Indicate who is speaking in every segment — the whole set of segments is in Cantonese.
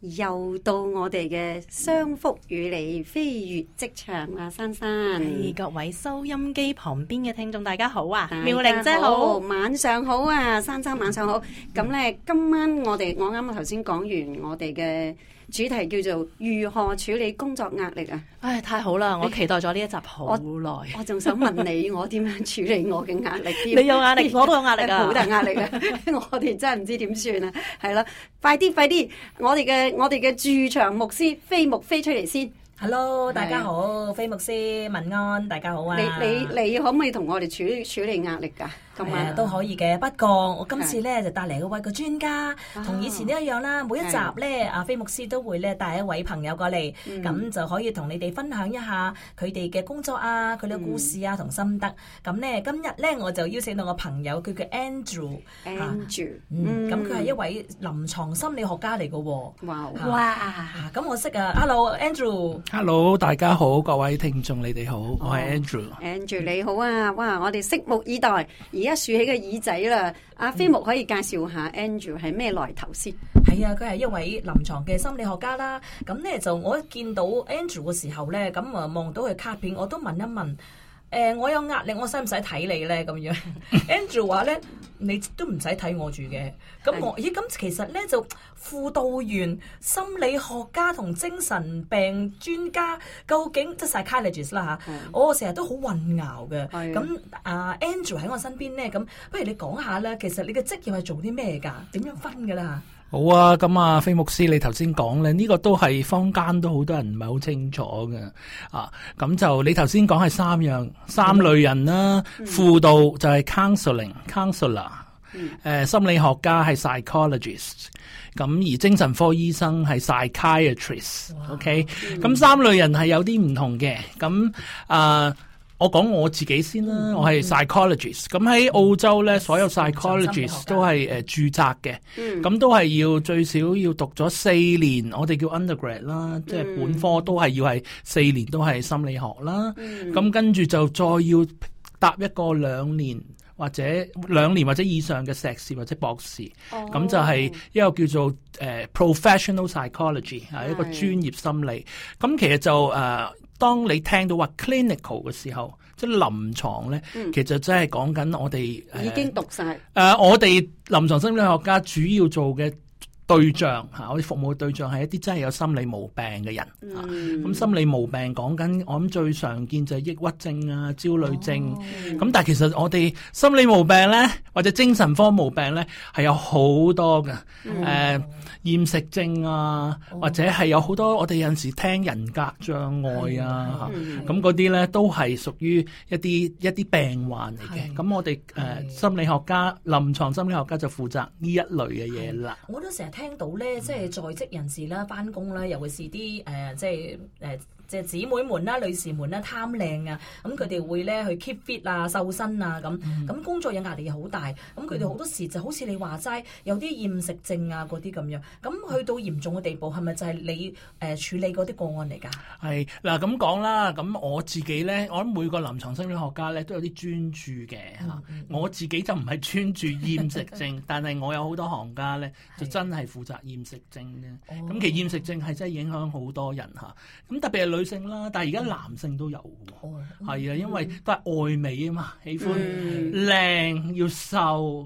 Speaker 1: 又到我哋嘅商福與你飛越職場啊，珊珊，係各位收音機旁邊嘅聽眾，大家好啊，好妙玲姐好，晚上好啊，珊珊晚上好。咁呢，今晚我哋我啱啱頭先講完我哋嘅。主題叫做如何處理工作壓力啊！唉，太好啦，我期待咗呢一集好耐。 我仲想問你，我點樣處理我嘅壓力,、啊、力？你 有壓力,、啊 壓力啊 我啊，我都有壓力好大壓力嘅。我哋真係唔知點算啊！係咯，快啲快啲！我哋嘅我哋嘅駐場牧師飛牧飛出嚟先。Hello，大家好，的
Speaker 2: 飛牧師，問安，大家好啊！你你你可唔可以同我哋處處理壓力噶？咁、嗯、啊都可以嘅、嗯，不過我今次咧就帶嚟一位個專家，同以前咧一樣啦。每一集咧，阿菲牧師都會咧帶一位朋友過嚟，咁、嗯、就可以同你哋分享一下佢哋嘅工作啊、佢哋嘅故事啊同、嗯、心得。咁咧今日咧我就邀請到個朋友，佢叫 Andrew，Andrew，咁佢係一位臨床心理學家嚟嘅喎。哇咁、啊、我識啊，Hello Andrew，Hello
Speaker 3: 大家好，各位聽眾你哋好，哦、我係 Andrew，Andrew
Speaker 1: 你好啊，哇，我哋拭目以待，一豎起個耳仔啦，嗯，阿飛牧可以介紹下 Andrew 係咩來頭先？
Speaker 2: 係啊，佢係一位臨床嘅心理學家啦。咁咧就我一見到 Andrew 嘅時候咧，咁啊望到佢卡片，我都問一問。誒、呃，我有壓力，我使唔使睇你咧？咁 樣，Andrew 話說咧呢， 你都唔使睇我住嘅。咁我咦？咁其實咧就輔導員、心理學家同精神病專家，究竟即晒 college 啦嚇，我成日都好混淆嘅。咁啊，Andrew 喺我身邊咧，咁不如你講下啦。其實你嘅職業係做啲咩㗎？點樣分㗎啦？
Speaker 3: 好啊，咁啊，飛牧師你頭先講咧，呢、這個都係坊間都好多人唔係好清楚嘅，啊，咁就你頭先講係三樣三類人啦、啊嗯嗯，輔導就係 counseling，counselor，、嗯呃、心理學家係 psychologist，咁、啊、而精神科醫生係 psychiatrist，OK，、okay? 咁、嗯、三類人係有啲唔同嘅，咁啊。我講我自己先啦，我係 psychologist，咁、嗯、喺澳洲咧、嗯，所有 psychologist 都係誒註冊嘅，咁、嗯、都係要最少要讀咗四年，我哋叫 undergrad 啦，嗯、即係本科都係要係四年都係心理學啦，咁、嗯、跟住就再要搭一個兩年或者兩、嗯、年或者以上嘅碩士或者博士，咁、哦、就係一個叫做、uh, professional psychology，係一個專業心理，咁其實就、uh, 當你聽到話 clinical 嘅時候，即、就、係、是、臨床咧，其實真係講緊我哋、嗯呃、已經讀晒。誒，我哋臨床心理學家主要做嘅對象吓，我哋服務對象係一啲真係有心理毛病嘅人吓。咁、嗯嗯、心理毛病講緊，我諗最常見就係抑鬱症啊、焦慮症。咁、哦、但係其實我哋心理毛病咧，或者精神科毛病咧，係有好多㗎。誒、嗯，厭、呃、食症啊，哦、或者係有好多我哋有陣時聽人格障礙啊，咁嗰啲咧都係屬於一啲一啲病患嚟嘅。咁我哋誒、呃，心理學家、臨床心理學家就負責呢一類嘅嘢啦。
Speaker 2: 我都成日。聽到咧，即係在職人士啦，翻工啦，尤其是啲誒、呃，即係誒。呃即係姊妹們啦、女士們啦，貪靚啊，咁佢哋會咧去 keep fit 啊、瘦身啊咁，咁工作有壓力好大，咁佢哋好多時就好似你話齋，有啲厭食症啊嗰啲咁樣，咁去到嚴重嘅地步係咪就係你誒處理嗰啲個案嚟㗎？
Speaker 3: 係嗱咁講啦，咁我自己咧，我諗每個臨床心理學家咧都有啲專注嘅嚇、嗯，我自己就唔係專注厭食症， 但係我有好多行家咧就真係負責厭食症嘅，咁其實厭食症係真係影響好多人嚇，咁特別係女女性啦，但係而家男性都有喎，係、嗯、啊，因為都係愛美啊嘛，喜歡靚、嗯、要瘦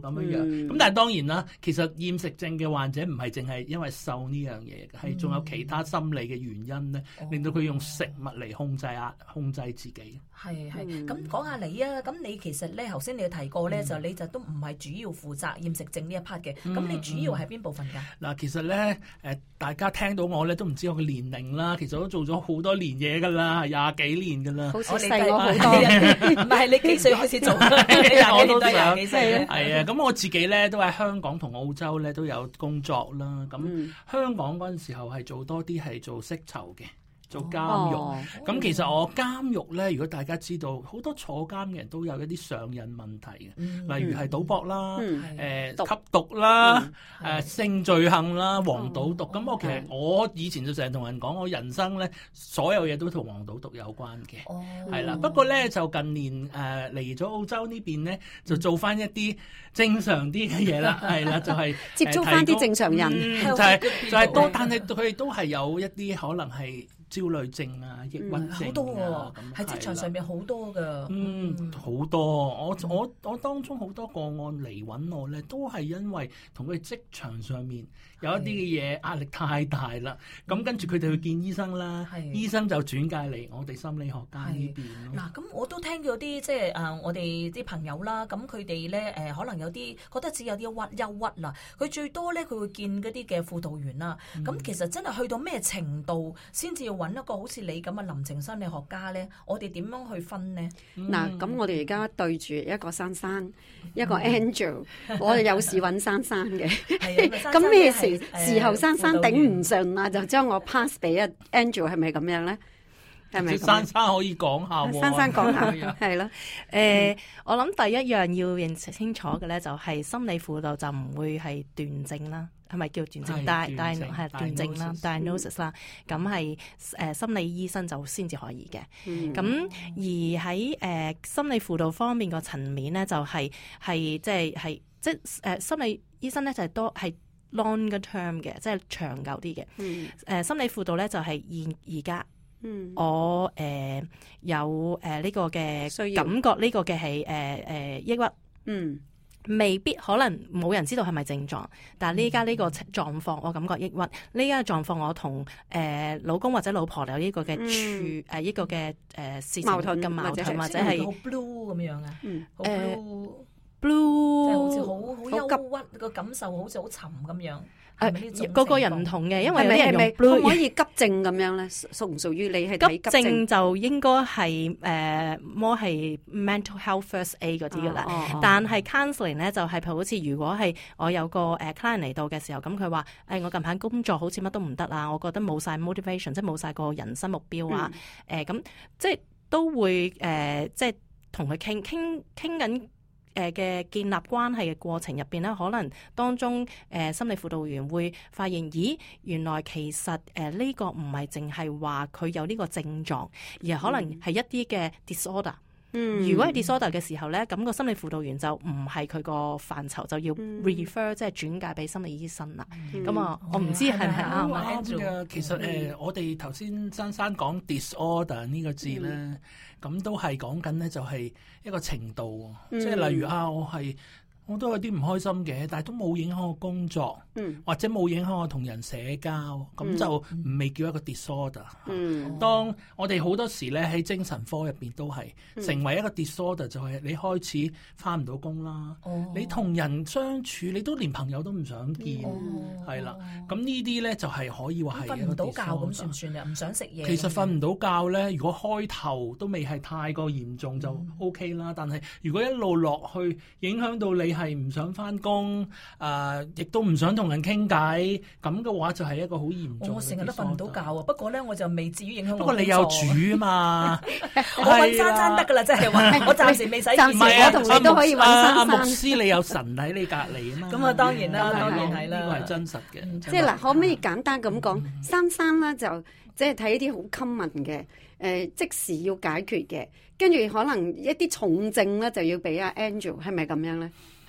Speaker 3: 咁樣樣，咁、嗯、但係當然啦，其實厭食症嘅患者，唔係淨係因為瘦呢樣嘢，係、嗯、仲有其他心理嘅原因咧、嗯，令到佢用食物嚟控制啊，控制自己。
Speaker 2: 係係咁講下你啊，咁你其實咧頭先你提過咧、嗯，就你就都唔係主要負責厭食症呢一 part 嘅，咁你主要係邊部分噶？
Speaker 3: 嗱、嗯嗯，其實咧誒大家聽到我咧都唔知我嘅年齡啦，其實我都做咗好多年嘢噶啦，廿幾年噶啦，我細我好多人，
Speaker 2: 唔 係你幾歲開始做？廿幾歲都廿幾歲啦。係 啊，
Speaker 3: 咁我自己咧都喺香港同澳洲咧都有工作啦。咁香港嗰陣時候係做多啲係做薪酬嘅。做監獄，咁、哦、其實我監獄咧，如果大家知道，好多坐監嘅人都有一啲上癮問題嘅、嗯，例如係賭博啦，誒、嗯呃、吸毒啦，誒、嗯呃、性罪行啦，黃、哦、賭毒。咁、哦、我其實、哦、我以前就成日同人講，我人生咧所有嘢都同黃賭毒有關嘅，係、哦、啦。不過咧就近年誒嚟咗澳洲這邊呢邊咧，就做翻一啲正常啲嘅嘢啦，係 啦，就係、是、接觸翻啲正常人， 嗯、就係、是、就係、是、多， 但係佢哋都係有一啲可能係。焦慮症啊，抑鬱症啊，喺職場上面好多㗎。嗯，好多、啊嗯好多，嗯嗯好多，我、嗯、我我當中好多個案嚟搵我咧，都係因為同佢哋職場上面。有一啲嘅嘢壓力太大啦，咁跟住佢哋去見醫生啦，醫生就轉介嚟我哋心,、呃嗯、心理學家
Speaker 2: 呢邊。嗱，咁我都聽見啲即係誒我哋啲朋友啦，咁佢哋咧誒可能有啲覺得自己有啲鬱憂鬱啊，佢最多咧佢會見嗰啲嘅輔導員啦。咁其實真係去到咩程度先至要揾一個好似你咁嘅臨牀心理學家咧？我哋點樣去分呢？嗱，咁
Speaker 1: 我哋而家對住一個珊珊，嗯、一個 Angel，、嗯、我哋有事揾珊珊嘅，咁咩事？時候珊珊頂唔順啦，就將我 pass 俾阿 Andrew，係咪咁樣咧？係咪珊
Speaker 3: 珊可以講下,、啊珊珊講下啊 是的？珊珊
Speaker 4: 講下係咯。誒、 嗯呃，我諗第一樣要認識清楚嘅咧，就係心理輔導就唔會係斷症啦，係咪叫斷症？但但係斷症啦，diagnosis 啦、嗯，咁係誒心理醫生就先至可以嘅。咁而喺誒心理輔導方面個層面咧，就係係即係即係誒心理醫生咧，就係多係。long term 嘅，即係長久啲嘅。誒、嗯呃、心理輔導咧就係、是、現而家、嗯，我誒、呃、有誒呢、呃這個嘅感覺呢個嘅係誒誒抑鬱，嗯，未必可能冇人知道係咪症狀，但係呢家呢個狀況我感覺抑鬱，呢家狀況我同誒、呃、老公或者老婆有呢個嘅處誒呢、嗯啊這個嘅誒、呃、事情，嘅矛盾，或者係好
Speaker 2: blue 咁樣啊？誒、嗯、blue。呃 blue 個感受好似好沉咁樣，
Speaker 4: 係、啊、個個人唔同嘅，因為咩咩可唔可以
Speaker 1: 急症咁樣咧？屬唔屬於你係急，急症
Speaker 4: 就應該係誒，么、呃、係 mental health first aid 嗰啲噶啦。但係 counseling 咧就係譬如好似如果係我有個誒 client 嚟到嘅時候，咁佢話誒我近排工作好似乜都唔得啊，我覺得冇晒 motivation，即係冇晒個人生目標啊。誒、嗯、咁、呃、即係都會誒、呃，即係同佢傾傾傾緊。誒嘅建立關係嘅過程入邊咧，可能當中誒心理輔導員會發現，咦，原來其實誒呢個唔係淨係話佢有呢個症狀，而可能係一啲嘅 disorder。如果係 disorder 嘅時候咧，咁、個心理輔導員就唔係佢個範疇，就要 refer、嗯、即係轉介俾心理醫生啦。咁、嗯、啊、嗯嗯嗯嗯嗯嗯呃，我唔知係咪。係其實誒，
Speaker 3: 我哋頭先珊珊講 disorder 呢個字咧，咁、嗯、都係講緊咧，就係一個程度，嗯、即係例如啊，我係。我都有啲唔開心嘅，但係都冇影響我工作，嗯、或者冇影響我同人社交，咁、嗯、就未叫一個 disorder、嗯啊。當我哋好多時咧喺精神科入邊都係成為一個 disorder，嗯、就係、是、你開始翻唔到工啦，你同人相處，你都連朋友都唔想見，係、嗯、啦。咁呢啲咧就係可以話係。瞓、嗯、唔到覺，咁
Speaker 2: 算唔算啊？唔想食嘢。其實瞓
Speaker 3: 唔到覺咧、嗯，如果開頭都未係太過嚴重就 OK 啦、嗯，但係如果一路落去影響到你係唔想翻工，誒、呃，亦都唔想同人傾偈，咁嘅話就係一個好嚴重的問題，哦。我成日都
Speaker 2: 瞓唔到覺啊！不過咧，我就未至於影響。不過你有主啊嘛， 我揾三三得噶啦，即 係 我暫時未使。我同唔係啊，阿、啊、牧師，你
Speaker 3: 有神喺你隔籬啊嘛。咁 啊、嗯，當然啦，當然係啦，呢個係真實嘅。即係嗱，
Speaker 1: 可唔可以簡單咁講，三三咧就即係睇一啲好 common 嘅，誒、呃，即時要解決嘅，跟住可能一啲重症咧就要俾阿 Angel 係咪咁樣咧？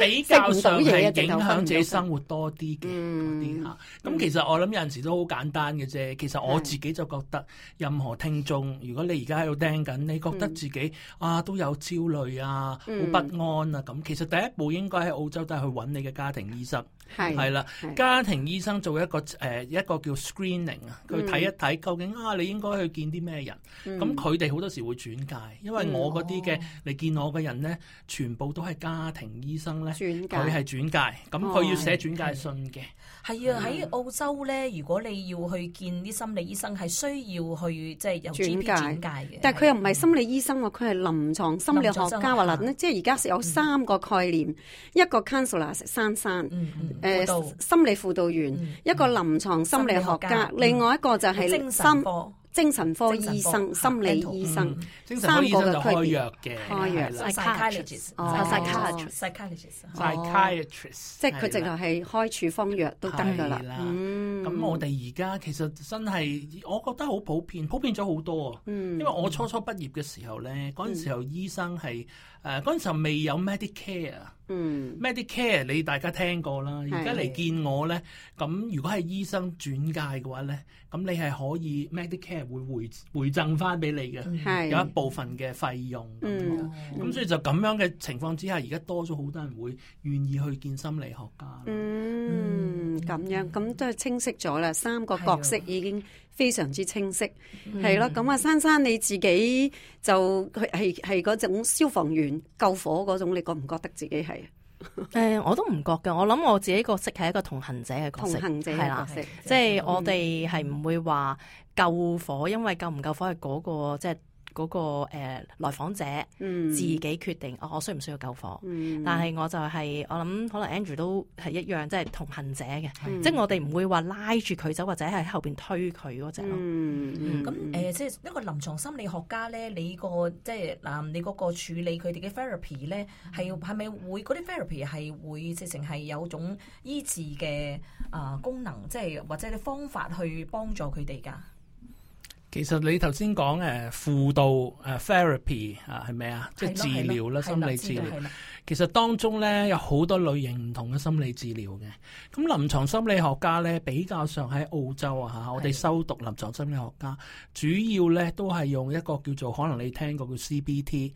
Speaker 3: 比較上係影響自己生活多啲嘅嗰啲嚇，咁、嗯、其實我諗有陣時都好簡單嘅啫。其實我自己就覺得，任何聽眾，如果你而家喺度聽緊，你覺得自己、嗯、啊都有焦慮啊、好、嗯、不安啊咁，其實第一步應該喺澳洲都係去揾你嘅家庭醫生，係啦，家庭醫生做一個誒、呃、一個叫 screening 啊，佢睇一睇究竟啊，你應該去見啲咩人。咁佢哋好多時會轉介，因為我嗰啲嘅你見我嘅人咧，全部都係家庭醫生。佢係轉介，咁佢要寫轉介信嘅。
Speaker 2: 係、哎、啊，喺澳洲咧，如果你要去見啲心理醫生，係需要去即係、就是、由、GP、轉介。轉介嘅，但係佢又唔係
Speaker 1: 心理醫生喎，佢、嗯、係臨床心理學家，理學家或嗱咧，即係而家有三個概念：嗯、一個 counselor 珊珊誒、嗯嗯呃、心理輔導員、嗯；一個臨床心理學家；學家嗯、另外一個就係精神科。精神科醫生、心理醫生、
Speaker 2: 嗯、
Speaker 4: 精神科醫生就開藥嘅
Speaker 2: ，psychiatrists，psychiatrists，psychiatrists 即係佢直頭係開
Speaker 1: 處方
Speaker 3: 藥都得㗎啦。咁、oh, oh, 嗯、我哋而家其實真係，我覺得好普遍，普遍咗好多、嗯。因為我初初畢業嘅時候咧，嗰陣時候醫生係嗰、嗯啊、時候未有 Medicare 啊。嗯，Medicare 你大家聽過啦，而家嚟見我咧，咁如果係醫生轉介嘅話咧，咁你係可以 Medicare 會回回贈翻俾你嘅，有一部分嘅費用咁樣。咁、嗯、所以就咁樣嘅情況之下，而家多咗好多人會願意去見心理學家。嗯嗯
Speaker 1: 咁、嗯、樣，咁都係清晰咗啦。三個角色已經非常之清晰，係咯。咁啊，嗯、珊珊你自己就佢係係嗰種消防員救火嗰種，你覺唔覺得自己係？
Speaker 4: 誒、 呃，我都唔覺㗎。我諗我自己角色係一個同行者嘅角色，係啦，即係、就是、我哋係唔會話救火，因為救唔救火係嗰、嗰個即係。就是嗰、那個誒、呃、來訪者自己決定，我、嗯哦、我需唔需要救火？嗯、但係我就係、是、我諗，可能 Andrew 都係一樣，即、就、係、是、同行者嘅、嗯。即係我哋唔會話拉住佢走，或者係喺後邊推佢嗰隻咯。咁、嗯、誒、
Speaker 2: 嗯嗯呃，即係一個臨床心理學家咧，你個即係嗱，你嗰個處理佢哋嘅 therapy 咧，係係咪會嗰啲 therapy 係會直情係有種醫治嘅啊、呃、功能，即係或者啲方法去幫助佢哋㗎？
Speaker 3: 其實你頭先講誒輔導誒 therapy 啊係咩？啊？即係治療啦，心理治療。其實當中咧有好多類型唔同嘅心理治療嘅，咁臨床心理學家咧比較上喺澳洲啊，我哋修讀臨床心理學家，主要咧都係用一個叫做可能你聽過叫 CBT，cognitive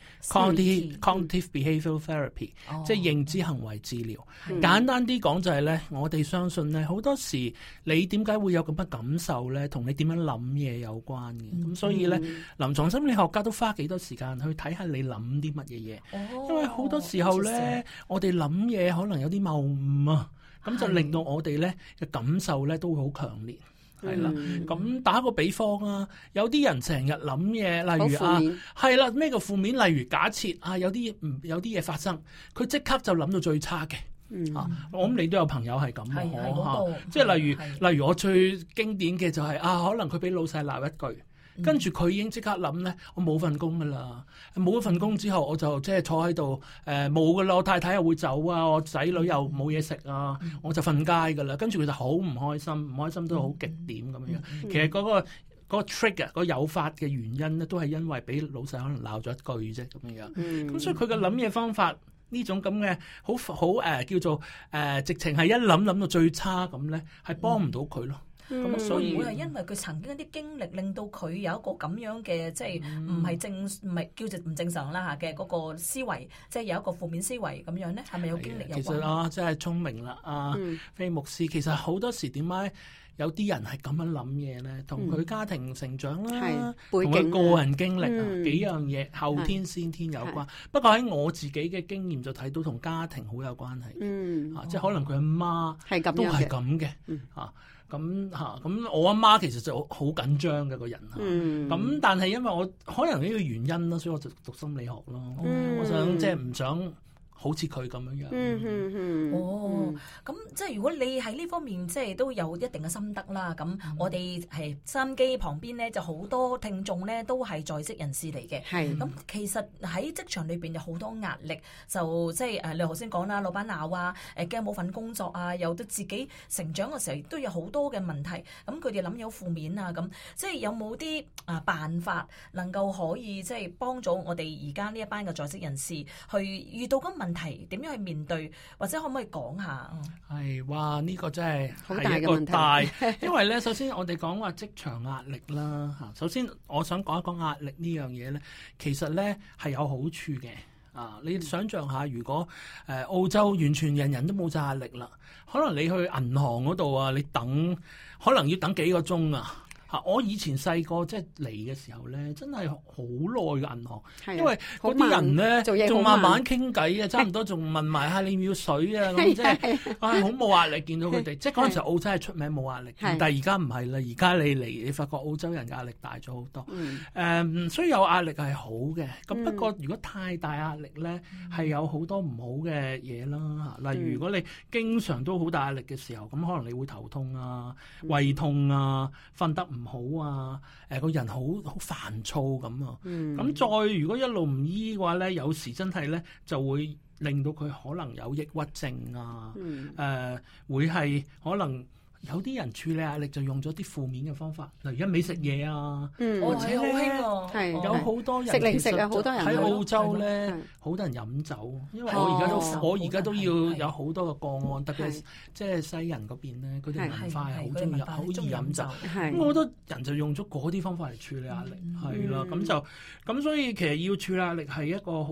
Speaker 3: behavioral therapy、哦、即係認知行為治療。嗯、簡單啲講就係咧，我哋相信咧好多時你點解會有咁嘅感受咧，同你點樣諗嘢有關嘅，咁所以咧臨、嗯、床心理學家都花幾多時間去睇下你諗啲乜嘢嘢，因
Speaker 5: 為好多時候、哦。咧，
Speaker 3: 我哋諗嘢可能有啲謬誤啊，咁就令到我哋咧嘅感受咧都會好強烈，係、嗯、啦。咁打個比方啊，有啲人成日諗嘢，例如啊，係啦，咩叫負面？例如假設啊，有啲有啲嘢發生，佢即刻就諗到最差嘅。嗯，啊、我諗你都有朋友係咁嘅，即係例如例如我最經典嘅就係、是、啊，可能佢俾老細鬧一句。嗯、跟住佢已經即刻諗咧，我冇份工噶啦，冇咗份工之後，我就即係坐喺度，冇噶啦，我太太又會走啊，我仔女又冇嘢食啊、嗯，我就瞓街噶啦。跟住佢就好唔開心，唔開心都好極點咁樣、嗯。其實嗰、那個嗰 trick 啊，嗰、嗯、有、那個那個、法嘅原因咧，都係因為俾老細可能鬧咗一句啫咁樣。咁、嗯、所以佢嘅諗嘢方法呢、嗯、種咁嘅好好叫做、呃、直情係一諗諗到最差咁咧，係幫唔到佢咯。嗯。咁、嗯、所以係會會
Speaker 2: 因為佢曾經一啲經歷，令到佢有一個咁樣嘅，即係唔係正唔係、嗯、叫做唔正常啦嚇嘅嗰個思維，即、就、係、是、有一個負面思維咁樣咧，係咪有經歷有關、嗯？其
Speaker 3: 實啊，真係聰明啦，啊，飛、嗯、牧師其實好多時點解有啲人係咁樣諗嘢咧？同佢家庭成長啦、啊，同、嗯、佢個人經歷啊，啊嗯、幾樣嘢後天先天有關。不過喺我自己嘅經驗就睇到同家庭好有關係嘅、嗯，啊，即、就、係、是、可能佢阿媽都係咁嘅啊。咁吓，咁我阿媽,媽其實就好緊張嘅個人，
Speaker 5: 咁、嗯、
Speaker 3: 但係因為我可能呢個原因啦，所以我就讀心理學咯，嗯、我想即係唔想。好似佢咁樣樣、
Speaker 2: 嗯，哦，咁即係如果你喺呢方面即係都有一定嘅心得啦。咁我哋係收音機旁邊咧，就好多聽眾咧，都係在職人士嚟嘅。係，咁其實喺職場裏邊有好多壓力，就即係誒你頭先講啦，老闆鬧啊，誒驚冇份工作啊，又對自己成長嘅時候都有好多嘅問題。咁佢哋諗有負面啊，咁即係有冇啲啊辦法能夠可以即係幫到我哋而家呢一班嘅在職人士去遇到嘅問題？問題點樣去面對，或者可唔可以講下？
Speaker 3: 係哇，呢、這個真係好大嘅問題係個大因為呢， 首先我哋講話職場壓力啦吓。首先，我想講一講壓力呢樣嘢呢，其實呢係有好處嘅啊。你想象下，如果誒、呃、澳洲完全人人都冇晒壓力啦，可能你去銀行嗰度啊，你等可能要等幾個鐘啊。我以前細個即係嚟嘅時候咧、就是，真係好耐嘅銀行，因為
Speaker 5: 嗰啲人咧仲慢慢，慢慢
Speaker 3: 傾偈嘅，差唔多仲問埋下 你要水啊咁，即係好冇壓力，見到佢哋。即係嗰陣時澳洲係出名冇壓力，是但係而家唔係啦。而家你嚟，你發覺澳洲人嘅壓力大咗好多。誒，雖、嗯、然、嗯、有壓力係好嘅，咁不過如果太大壓力咧，係、嗯、有很多不好多唔好嘅嘢啦嚇。例如如果你經常都好大壓力嘅時候，咁可能你會頭痛啊、胃痛啊、瞓、嗯、得唔～唔好啊！誒、呃，個人好好煩躁咁啊！咁、嗯、再如果一路唔醫嘅話咧，有時真係咧就會令到佢可能有抑鬱症啊！誒、嗯呃，會係可能。有啲人處理壓力就用咗啲負面嘅方法，嗱，而家美食嘢啊、嗯，而且好興啊，嗯、有好多人食零食啊，好多人喺澳洲咧，好多人飲酒，因為我而家都、哦、我而家都要有好多個個案，哦、特別、係係、特別即係西人嗰邊咧，嗰啲文化又好中意飲，好中意飲酒，咁好多人就用咗嗰啲方法嚟處理壓力，係、嗯、啦，咁就咁，所以其實要處理壓力係一個好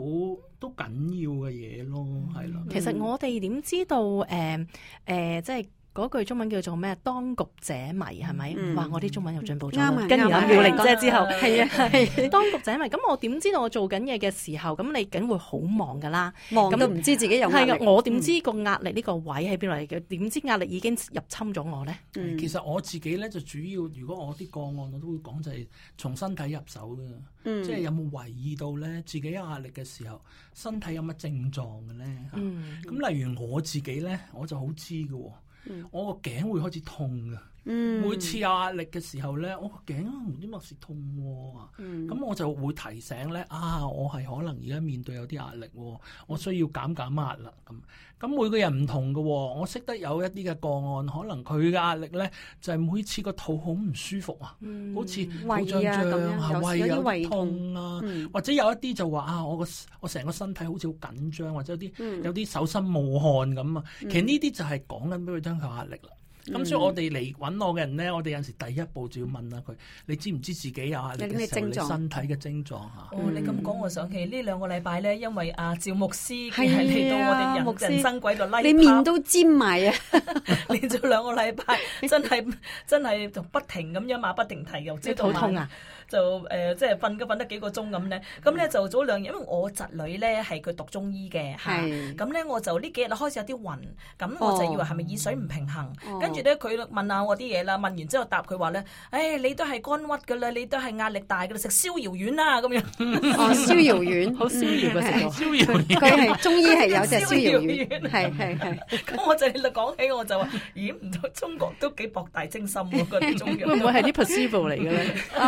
Speaker 3: 都緊要嘅嘢咯，係咯。其實我
Speaker 4: 哋點知道誒誒即係？嗰句中文叫做咩？當局者迷係咪？哇！我啲中文又進步咗，跟住有妙玲姐之後，係啊係。當局者迷，咁、嗯、我點知道我做緊嘢嘅時候，咁你梗會好忙噶啦，忙都唔、嗯、知道自己有壓力。我點知個壓力呢個位喺邊度嚟嘅？點知壓力已經入侵咗我咧、嗯？其實我自己咧就主要，如果我啲個案我都會講，就係、是、從
Speaker 3: 身體入手嘅、嗯，即係有冇懷疑到咧，自己有壓力嘅時候，身體有乜症狀嘅咧？咁、嗯啊、例如我自己咧，我就好知嘅喎。 我個頸會開始痛噶啊。嗯、每次有壓力嘅時候咧，我、哦、頸啲脈是痛喎，咁、嗯、我就會提醒咧，啊，我係可能而家面對有啲壓力喎，我需要減減壓啦。咁，咁每個人唔同嘅，我識得有一啲嘅個案，可能佢嘅壓力咧就係每次個肚好唔舒服、嗯、像脹脹啊，好似、啊、胃啊咁有啲胃痛啊、嗯，或者有一啲就話啊，我個我成個身體好似好緊張，或者啲有啲、嗯、手心冒汗咁啊、嗯，其實呢啲就係講緊俾佢聽佢壓力啦。咁、嗯、所以我哋嚟揾我嘅人咧，我哋有時第一步就要問下佢，你知唔知自己有、啊、下你嘅症狀、啊，身體嘅症狀嚇。哦，你咁
Speaker 2: 講，我想起呢兩個禮拜咧，因為阿趙牧師佢係嚟到我哋人、啊、人，人生鬼度拉、like、你面都尖埋啊！ 連續兩個禮拜，真係真係就不停咁樣馬不停蹄又即係肚痛啊！就誒、呃、即係瞓都瞓得幾個鐘咁咧，咁咧就早兩日，因為我侄女咧係佢讀中醫嘅，嚇，咁、嗯、咧我就呢幾日開始有啲暈，咁、哦、我就以為係咪耳水唔平衡，跟住咧佢問下我啲嘢啦，問完之後答佢話咧，誒你都係肝鬱㗎啦，你都係壓力大㗎啦，食逍遙丸啦、啊、咁樣。哦，逍、嗯、遙 丸，
Speaker 1: 好逍遙嘅食
Speaker 2: 逍遙丸，佢係中醫係有隻逍遙丸，係係係。咁我就講起我就話，咦唔錯，中國都幾博大精深啲中藥。會唔會係啲 preserve 嚟
Speaker 1: 嘅咧？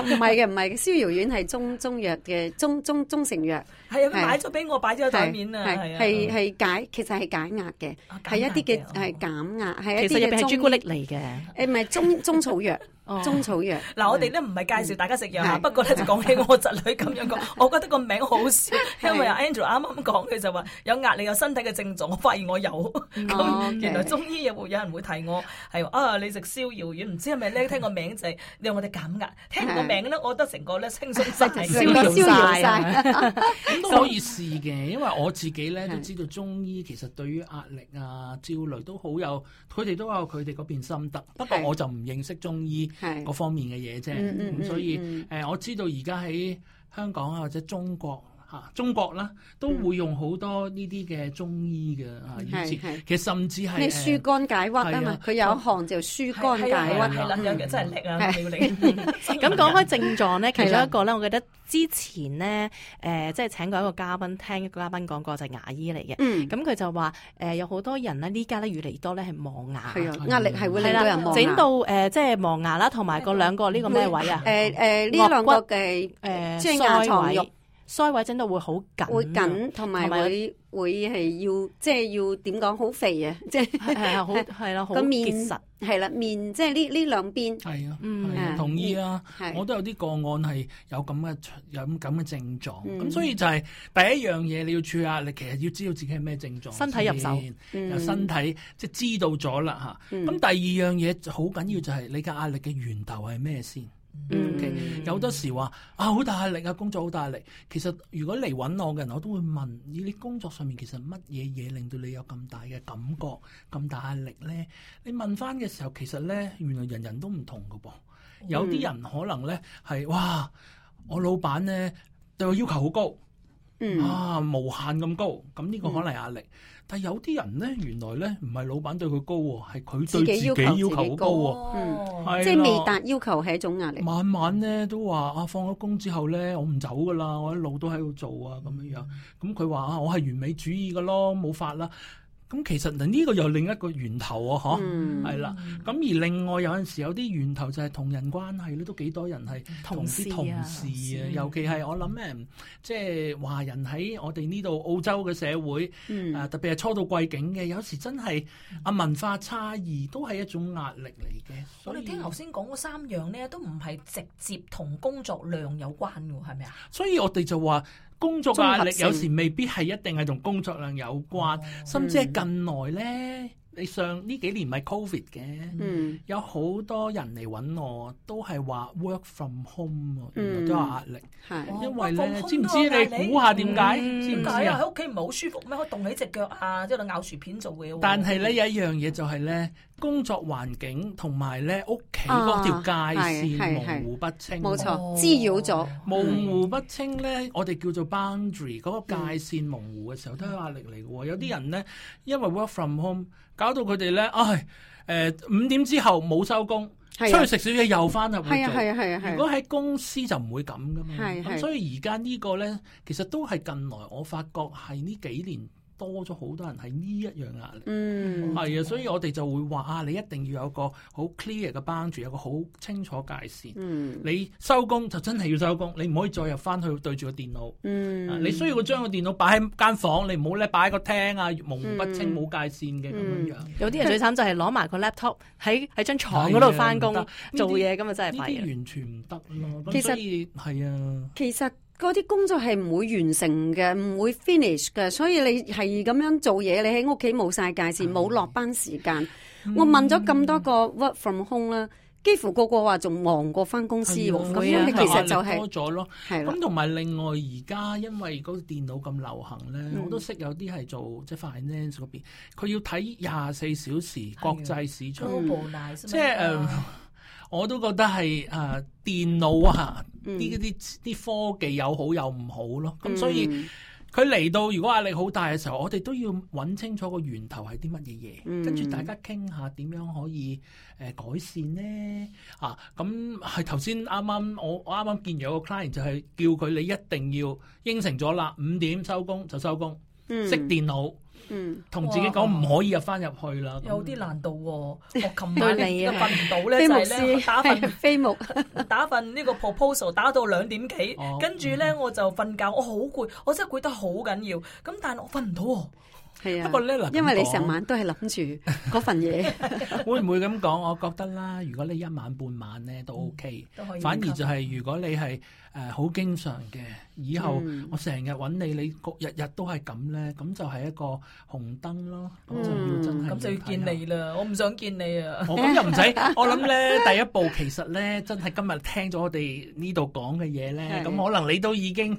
Speaker 1: 唔係嘅。唔係，逍遙丸係中中藥嘅中中中成藥，係啊，買咗俾
Speaker 2: 我擺咗上面啊，係係
Speaker 1: 解，其實係解的、哦、壓嘅，係一啲嘅係減壓，係、哦、一啲嘅朱古力嚟嘅，誒唔係中中草藥。 中草藥
Speaker 2: 嗱、啊嗯，我哋咧唔係介紹大家食藥，不過咧就講起我侄女咁樣講，我覺得個名好笑，因為 Andrew 啱啱講佢就話有壓力有身體嘅症狀，我發現我有，咁、嗯、原來中醫有冇有人會提我係啊？你食逍遙丸，唔知係咪咧聽個名就係令我哋減壓。聽個名咧，我覺得成個咧輕鬆晒，逍遙晒，咁、就是， 都可以
Speaker 3: 試嘅，因為我自己咧都知道中醫其實對於壓力啊、焦慮都好有，佢哋都有佢哋嗰邊心得。不過我就唔認識中醫。係各方面嘅嘢啫，咁所以誒，我知道而家喺香港啊或者中國。中國啦都會用好多呢啲嘅中醫嘅啊，以、嗯、其，其實甚至係你舒肝
Speaker 1: 解鬱啊嘛，佢有一項
Speaker 4: 叫舒肝解鬱係啦，真
Speaker 2: 係叻
Speaker 4: 啊！咁講開症狀咧，其中一個咧，我覺得之前咧誒，即、呃、係請過一個嘉賓，聽一個嘉賓講過就係、牙醫嚟嘅。咁、嗯、佢就話、呃、有好多人呢，依家咧越嚟越多咧係磨牙，係壓力係會令到人磨牙。整到誒即係磨牙啦，同埋個兩個呢個咩位啊？誒、哎、誒，呢、哎哎哎、
Speaker 1: 兩個嘅
Speaker 4: 腮位真都會好緊，會緊，同埋會
Speaker 1: 會係要，即、就、係、是、要點講好肥啊！即係係係啦，咁 面實係啦，面即係呢呢兩邊。
Speaker 3: 係啊、就是嗯，同意啊，我都有啲個案係有咁嘅有咁嘅症狀，咁、嗯、所以就係第一樣嘢你要處理壓力，其實要知道自己係咩症狀，身體入手，嗯、由身體即係、就是、知道咗啦吓。咁、嗯、第二樣嘢好緊要就係你嘅壓力嘅源頭係咩先？Okay. 嗯，有好多時話啊，好大壓力啊，工作好大壓力。其實如果嚟揾我嘅人，我都會問，你工作上面其實乜嘢嘢令到你有咁大嘅感覺、咁大壓力咧？你問翻嘅時候，其實咧原來人人都唔同㗎噃、嗯。有啲人可能咧係哇，我老闆咧對我要求好高，嗯啊無限咁高，咁呢個可能係壓力。嗯。但有啲人咧，原來咧唔係老闆對佢高，係佢對自己要求，自己要求高。
Speaker 1: 喎、哦嗯。即係未達要求係一種壓力。
Speaker 3: 晚晚咧都話啊，放咗工之後咧，我唔走噶啦，我一路都喺度做啊，咁樣樣。咁佢話啊，我係完美主義噶咯，冇法啦。咁其實嗱，呢個又另一個源頭喎，嗬、嗯，係啦。咁而另外有陣時有啲源頭就係同人關係咧，都幾多人係同啲同，、啊、同事啊，尤其係我諗咧，即係華人喺我哋呢度澳洲嘅社會，啊、嗯、特別係初到貴境嘅，有時真係啊文化差異都係一種壓力嚟嘅。我哋聽頭先講
Speaker 2: 嗰三樣咧，都唔係直接同工作量有關喎，係咪啊？
Speaker 3: 所以我哋就話。工作壓力有時未必係一定係同工作量有關，哦、甚至係近來咧，你、嗯、上呢幾年咪 COVID 嘅、嗯，有好多人嚟搵我都係話 work from home 啊、嗯，都有壓力，哦、因為咧，知唔知你估下點解？點、嗯、解啊？喺屋企唔
Speaker 2: 係好舒服咩？可以凍起隻腳啊，之後咬薯片做嘅。但係咧有一
Speaker 3: 樣嘢就係咧。工作環境同埋咧屋企嗰條界綫模糊不清，冇、啊、錯、哦，滋擾咗。模糊不清咧、嗯，我哋叫做 boundary 嗰個界綫模糊嘅時候都壓的，都有壓力嚟嘅。有啲人咧，因為 work from home，搞到佢哋咧，唉、哎，誒五點之後冇收工，出去食少嘢又翻入去。係啊係啊係啊，啊，啊，啊！如果喺公司就唔會咁噶嘛。係係、啊。啊、所以而家呢個咧，其實都係近來我發覺係呢幾年。多咗好多人係呢一樣壓力，係、嗯、啊、嗯，所以我哋就會話啊，你一定要有一個好 clear 嘅 boundary 有個好清楚的界線。嗯、你收工就真係要收工，你唔可以再入翻去對住個電腦、嗯啊。你需要佢將個電腦擺喺間房，你唔好咧擺喺個廳啊，模不清冇、嗯、界線嘅咁、嗯嗯、樣。有啲人最慘
Speaker 4: 就係攞埋個 laptop 喺喺張床嗰度翻工做嘢，咁啊真係唔得。
Speaker 3: 完全唔得咯。其實係啊。
Speaker 1: 其實。嗰啲工作係唔會完成嘅，唔會 finish 嘅，所以你係咁樣做嘢，你喺屋企冇晒界線，冇、嗯、落班時間。嗯、
Speaker 5: 我問咗
Speaker 1: 咁多個 work from home 啦，幾乎個個話仲忙過返公司喎。咁、哎啊、其實就係、是、
Speaker 3: 咁，同、啊、埋另外而家因為嗰電腦咁流行咧、嗯，我都識有啲係做即係、就是、finance 嗰邊，佢要睇廿四小時國際市場，即係誒，我都覺得係誒、呃、電腦啊。啲啲啲科技有好有唔好咯，咁、嗯、所以佢嚟到如果壓力好大嘅時候，我哋都要揾清楚個源頭係啲乜嘢嘢，跟住大家傾下點樣可以誒改善咧嚇。咁係頭先啱啱我我啱啱見咗個 client 就係叫佢，你一定要應承咗啦，五點收工就收工，熄、嗯、電腦。
Speaker 2: 嗯，同自己講唔可
Speaker 3: 以入翻入去啦，有啲
Speaker 2: 難度。我琴晚又瞓唔到咧， 就係、是、咧打份飛牧， 打份呢個 proposal 打到兩點幾，跟住咧我就瞓覺，我好攰，我真係攰得好緊要。咁但係我瞓唔到，係啊。不過咧
Speaker 3: 嗱，因為你成
Speaker 1: 晚都係諗住嗰份嘢，
Speaker 3: 會唔會咁講？我覺得啦，如果你一晚半晚咧都 OK，、嗯、都可以。反而就係如果你係。誒好經常嘅，以後我成日揾你，你日日都係咁咧，咁就係一個紅燈咯。咁就要見你
Speaker 2: 啦，我唔想見你啊！我咁又唔使，我諗咧第一
Speaker 3: 步其實咧，真係今日聽咗我哋呢度講嘅嘢咧，咁可能你都已經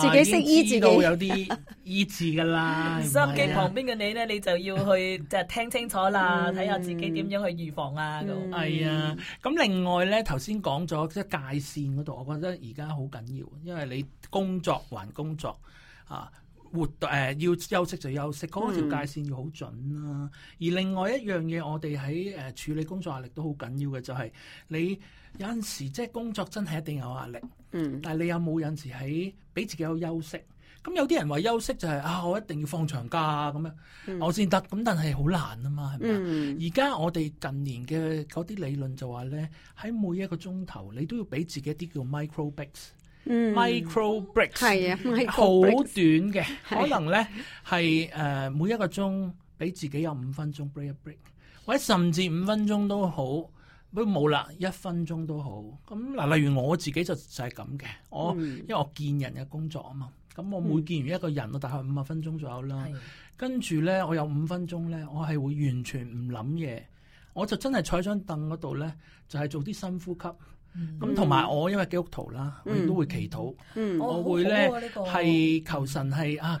Speaker 3: 自己識醫治，都有啲醫治噶啦。收音機旁邊嘅你咧，你就要去即係聽清楚啦，睇下自己點樣去預防啊。係啊，咁另外咧頭先講咗即係界線嗰度，我覺得而家。好緊要，因為你工作還工作啊，活誒、呃、要休息就休息，嗰、那、條、個、界線要好準啦、啊。嗯、而另外一樣嘢，我哋喺誒處理工作壓力都好緊要嘅，就係、是、你有陣時即係工作真係一定有壓力，嗯，但係你有冇有陣時喺俾自己有休息？咁、嗯、有啲人話休息就係、是、啊，我一定要放長假咁樣、嗯、我先得，咁但係好難啊嘛，係咪？而、嗯、家我哋近年嘅嗰啲理論就話咧，喺每一個鐘頭你都要俾自己一啲叫 micro
Speaker 1: breaks，micro breaks，係、嗯、啊，micro breaks，好短嘅，可能
Speaker 3: 咧係誒每一個鐘俾自己有五分鐘 break a break，或者甚至五分鐘都好，都冇啦，一分鐘都好。咁嗱，例如我自己就就係咁嘅，我、嗯、因為我見人嘅工作啊嘛。咁、嗯、我每見完一個人，我大概五十分鐘左右啦。跟住咧，我有五分鐘咧，我係會完全唔諗嘢，我就真係坐喺張凳嗰度咧，就係、是、做啲深呼吸。咁同埋我因為基督徒啦、嗯，我亦都會祈禱。嗯，嗯、我會咧係、哦啊、求神係、嗯、啊，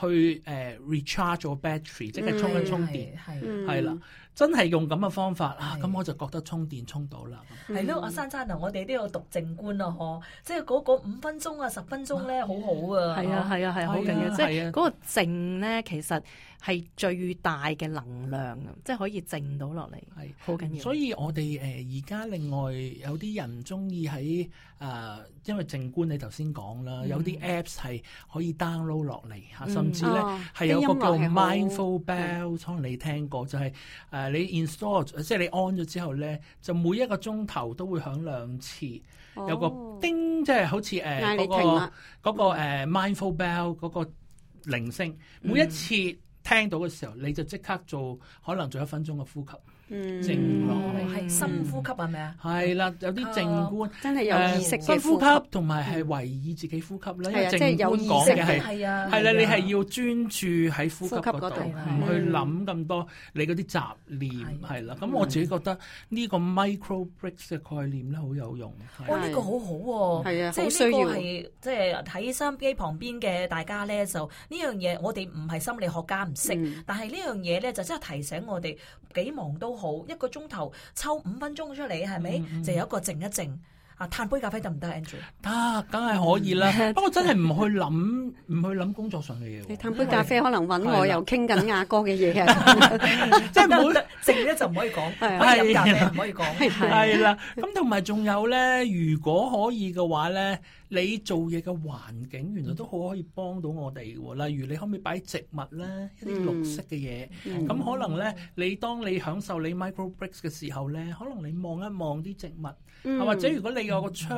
Speaker 3: 去 recharge 咗 battery，即係充一充電，係啦。真係用咁嘅方法啊！咁我就覺得充電充到啦。
Speaker 2: 係咯，阿珊珊啊，我哋都要讀靜觀啊！嗬，即係嗰個五分鐘啊、十分鐘咧，好好啊。係啊，係啊，係好緊要，即係嗰
Speaker 4: 個靜咧，其實。係最大嘅能量，即係可以靜到落嚟，係好緊要。所以我哋誒而家另外
Speaker 3: 有啲人中意喺誒，因為靜觀你頭先講啦，有啲 Apps 係可以 download 落嚟嚇，甚至咧係、哦、有嗰個叫 Mindful Bell，可能你聽過就係、是、誒你 install 即、嗯、係、就是、你安咗之後咧，就每一個鐘頭都會響兩次，哦、有個叮，即、就、係、是、好似誒嗰個嗰、那個、Mindful Bell 嗰個鈴聲，嗯、每一次。聽到嘅時候，你就即刻做，可能做一分鐘嘅呼吸。靜觀、
Speaker 5: 嗯、咯，
Speaker 2: 係、嗯、深呼吸係咪啊？係啦，有啲靜觀，真係有意識嘅呼深呼吸，
Speaker 3: 同埋係維意自己呼吸咧。係、嗯、啊、嗯，即係有意識是，係啊，係啦，你係要專注喺呼吸嗰度，唔去諗咁多你嗰啲雜念，係啦。咁我自己覺得呢個 micro breaks 嘅概念咧好有用。哇，呢、哦，這個很好好，係啊，是是是即係需要。
Speaker 2: 即係喺收音機旁邊嘅大家咧，就呢樣嘢，我哋唔係心理學家唔識，但係呢樣嘢咧就真係提醒我哋。幾忙都好，一個鐘頭抽五分鐘出嚟，係咪，就有一個靜一靜。啊，嘆杯咖啡得唔得，Andrew
Speaker 3: 得，梗係可以啦，嗯。不過真係唔去諗，唔 去諗工作上嘅嘢，啊。你
Speaker 2: 嘆
Speaker 1: 杯咖啡可能揾我又傾緊阿哥嘅嘢啊，哥哥啊 就是， 即係冇食嘢就唔可以講，喺入邊唔
Speaker 3: 可以講，係啦。咁同埋仲有咧，如果可以嘅話咧，你做嘢嘅環境原來都好可以幫到我哋。例如你可唔可以擺植物咧，一啲綠色嘅嘢？咁可能咧，你當你享受你 micro breaks 嘅時候咧，可能你望一望啲植物。或者如果你有個窗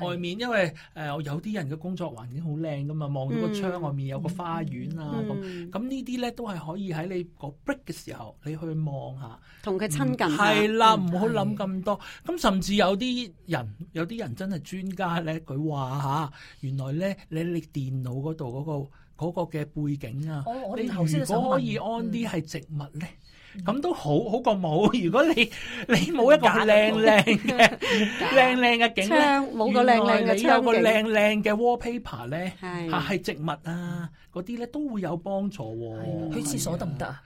Speaker 3: 外面，嗯、因為誒有啲人嘅工作環境好靚噶嘛，望、嗯、到個窗外面有個花園啊，咁咁呢啲咧都係可以喺你個 break 嘅時候，你去望下，
Speaker 5: 同佢親近。係啦，唔好諗
Speaker 3: 咁多。咁甚至有啲人，有啲人真係專家咧，佢話嚇，原來咧你你電腦嗰度嗰個嘅、嗰個、背景啊，你如果可以安啲係植物咧。嗯咁、嗯、都好好過冇。如果你你冇一個靚靚嘅靚靚嘅景冇咧，原來你有個靚靚嘅 wallpaper 咧，吓係植物啊嗰啲咧都會有幫助、啊。去廁所得唔得啊？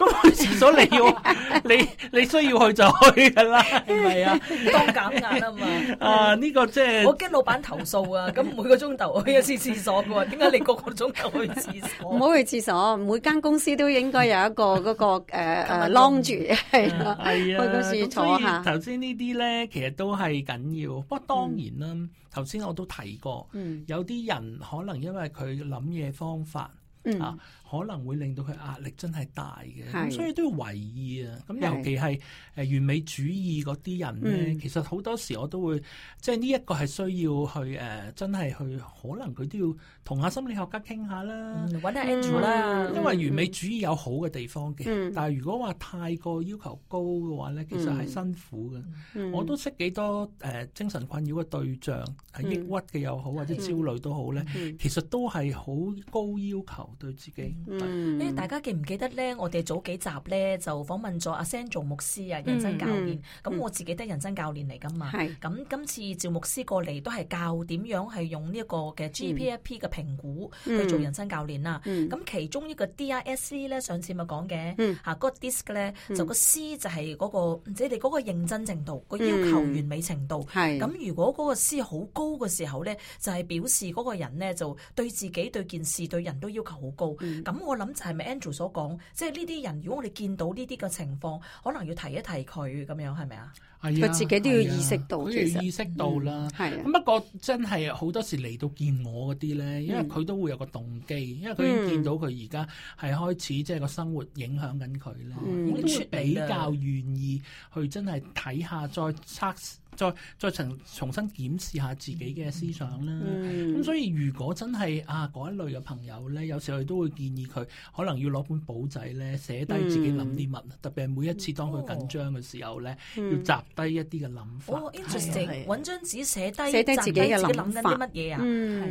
Speaker 3: 咁 去廁所你要 你你需要去就去㗎喇，係 啊，多減壓啊嘛。 啊，呢、這個即、就、係、是、
Speaker 2: 我驚老闆投訴啊！咁 每個鐘頭去一次廁所嘅話，點解你個個鐘頭去廁所？
Speaker 1: 唔好去廁所，每間公司都應該有一個嗰、那個誒誒 long 住係啊，去嗰處坐下。
Speaker 3: 頭先、 啊啊 啊啊、 呢啲咧，其實都係緊要。不過當然啦，頭、嗯、先我都提過，嗯、有啲人可能因為佢諗嘢方法、嗯、啊。可能會令到佢壓力真係大嘅，咁所以都要為意啊。咁尤其係誒完美主義嗰啲人咧，其實好多時我都會即係呢一個係需要去誒、呃，真係去可能佢都要同下心理學家傾下啦，搵下 Angel 啦、嗯。因為完美主義有好嘅地方嘅、嗯，但係如果話太過要求高嘅話咧，其實係辛苦嘅、嗯。我都識幾多誒、呃、精神困擾嘅對象，係、嗯、抑鬱嘅又好，或者焦慮都好咧、嗯嗯，其實都係好高要求對自己。
Speaker 2: 嗯、大家記唔記得咧？我哋早幾集咧就訪問咗阿 Sam 做牧師啊，人生教練。咁、嗯嗯、我自己得人生教練嚟噶嘛。係、嗯。咁今次趙牧師過嚟都係教點樣係用呢一個嘅 g p f p 嘅評估去做人生教練啦。咁、嗯嗯、其中一個 DISC 咧，上次咪講嘅，嚇、嗯、個 DISC 咧就個 C 就係嗰、嗰個，即係你嗰個認真程度，個要求完美程度。咁、嗯、如果嗰個 C 好高嘅時候咧，就係、是、表示嗰個人咧就對自己對件事對人都要求好高。嗯咁我諗就係咪 Andrew 所講，即係呢啲人如果我哋見到呢啲嘅情況，可能要提一提佢咁樣，係咪啊？
Speaker 3: 佢自己都要意識到，啊、他要意識到啦。咁、嗯啊、不過真係好多時嚟到見我嗰啲咧，因為佢都會有個動機、嗯，因為佢見到佢而家係開始即係個生活影響緊佢咧，嗯、都會比較願意去真係睇下再測。再再重新檢視下自己嘅思想啦。咁、嗯、所以如果真係啊嗰一類嘅朋友咧，有時我哋都會建議佢可能要攞本簿仔咧，寫低自己諗啲乜。特別係每一次當佢緊張嘅時候咧、哦，要摘低一啲嘅諗法。哦，interesting！
Speaker 2: 揾、哎、張紙寫低寫低自己嘅諗諗緊啲乜嘢啊？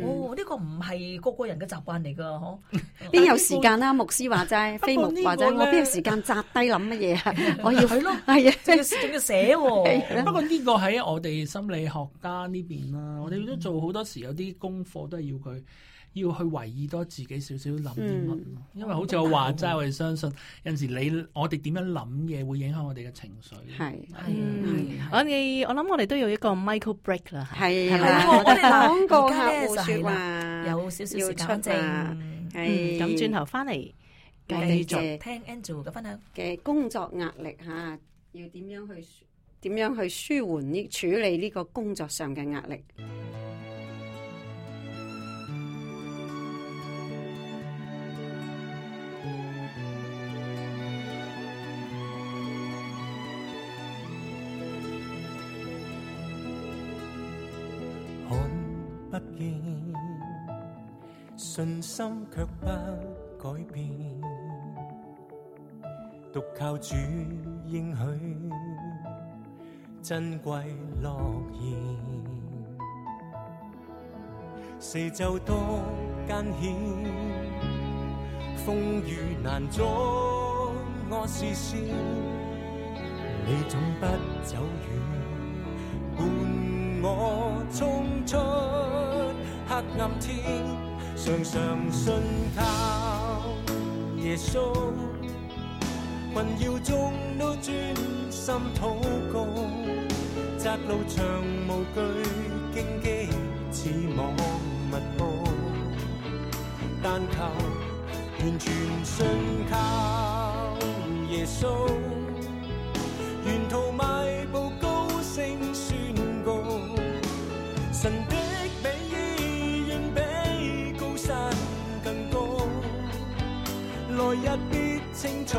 Speaker 2: 哦呢、呢個唔係個個人嘅習慣嚟㗎，嗬、嗯？邊、呢個、有時間啦、
Speaker 1: 啊？牧師話齋、啊，飛牧話齋、啊、我邊有時間摘低諗乜嘢啊？我要係咯，係 啊是的，要 寫。
Speaker 3: 不過呢個係。喺我哋心理學家呢邊啦，我哋都做好多時有啲功課都係要佢要去回憶多自己少少諗啲乜，因為好似我話齋、嗯嗯，我哋相信有陣時你我哋點樣諗嘢會影響我哋嘅情緒。
Speaker 4: 係、嗯、係、嗯嗯，我哋我諗我哋都有一個 micro break 啦，係啦，我哋講 過話，有少少時間啊咁轉、嗯、頭翻嚟繼續聽
Speaker 1: Andrew 嘅分享嘅工作壓力吓，要點樣去？點樣去舒緩呢處理呢個工作上嘅壓力？
Speaker 5: 看不見，信心卻不改變，獨靠主應許。珍貴諾言，四周多艱險，風雨難阻我視線，你總不走遠，伴我衝出黑暗天，常常信靠耶穌。困擾中都專心禱告，窄路長無懼荊棘似網密布，但求完全信靠耶穌，沿途邁步高聲宣告，神的美意遠比高山更高，來日必清楚。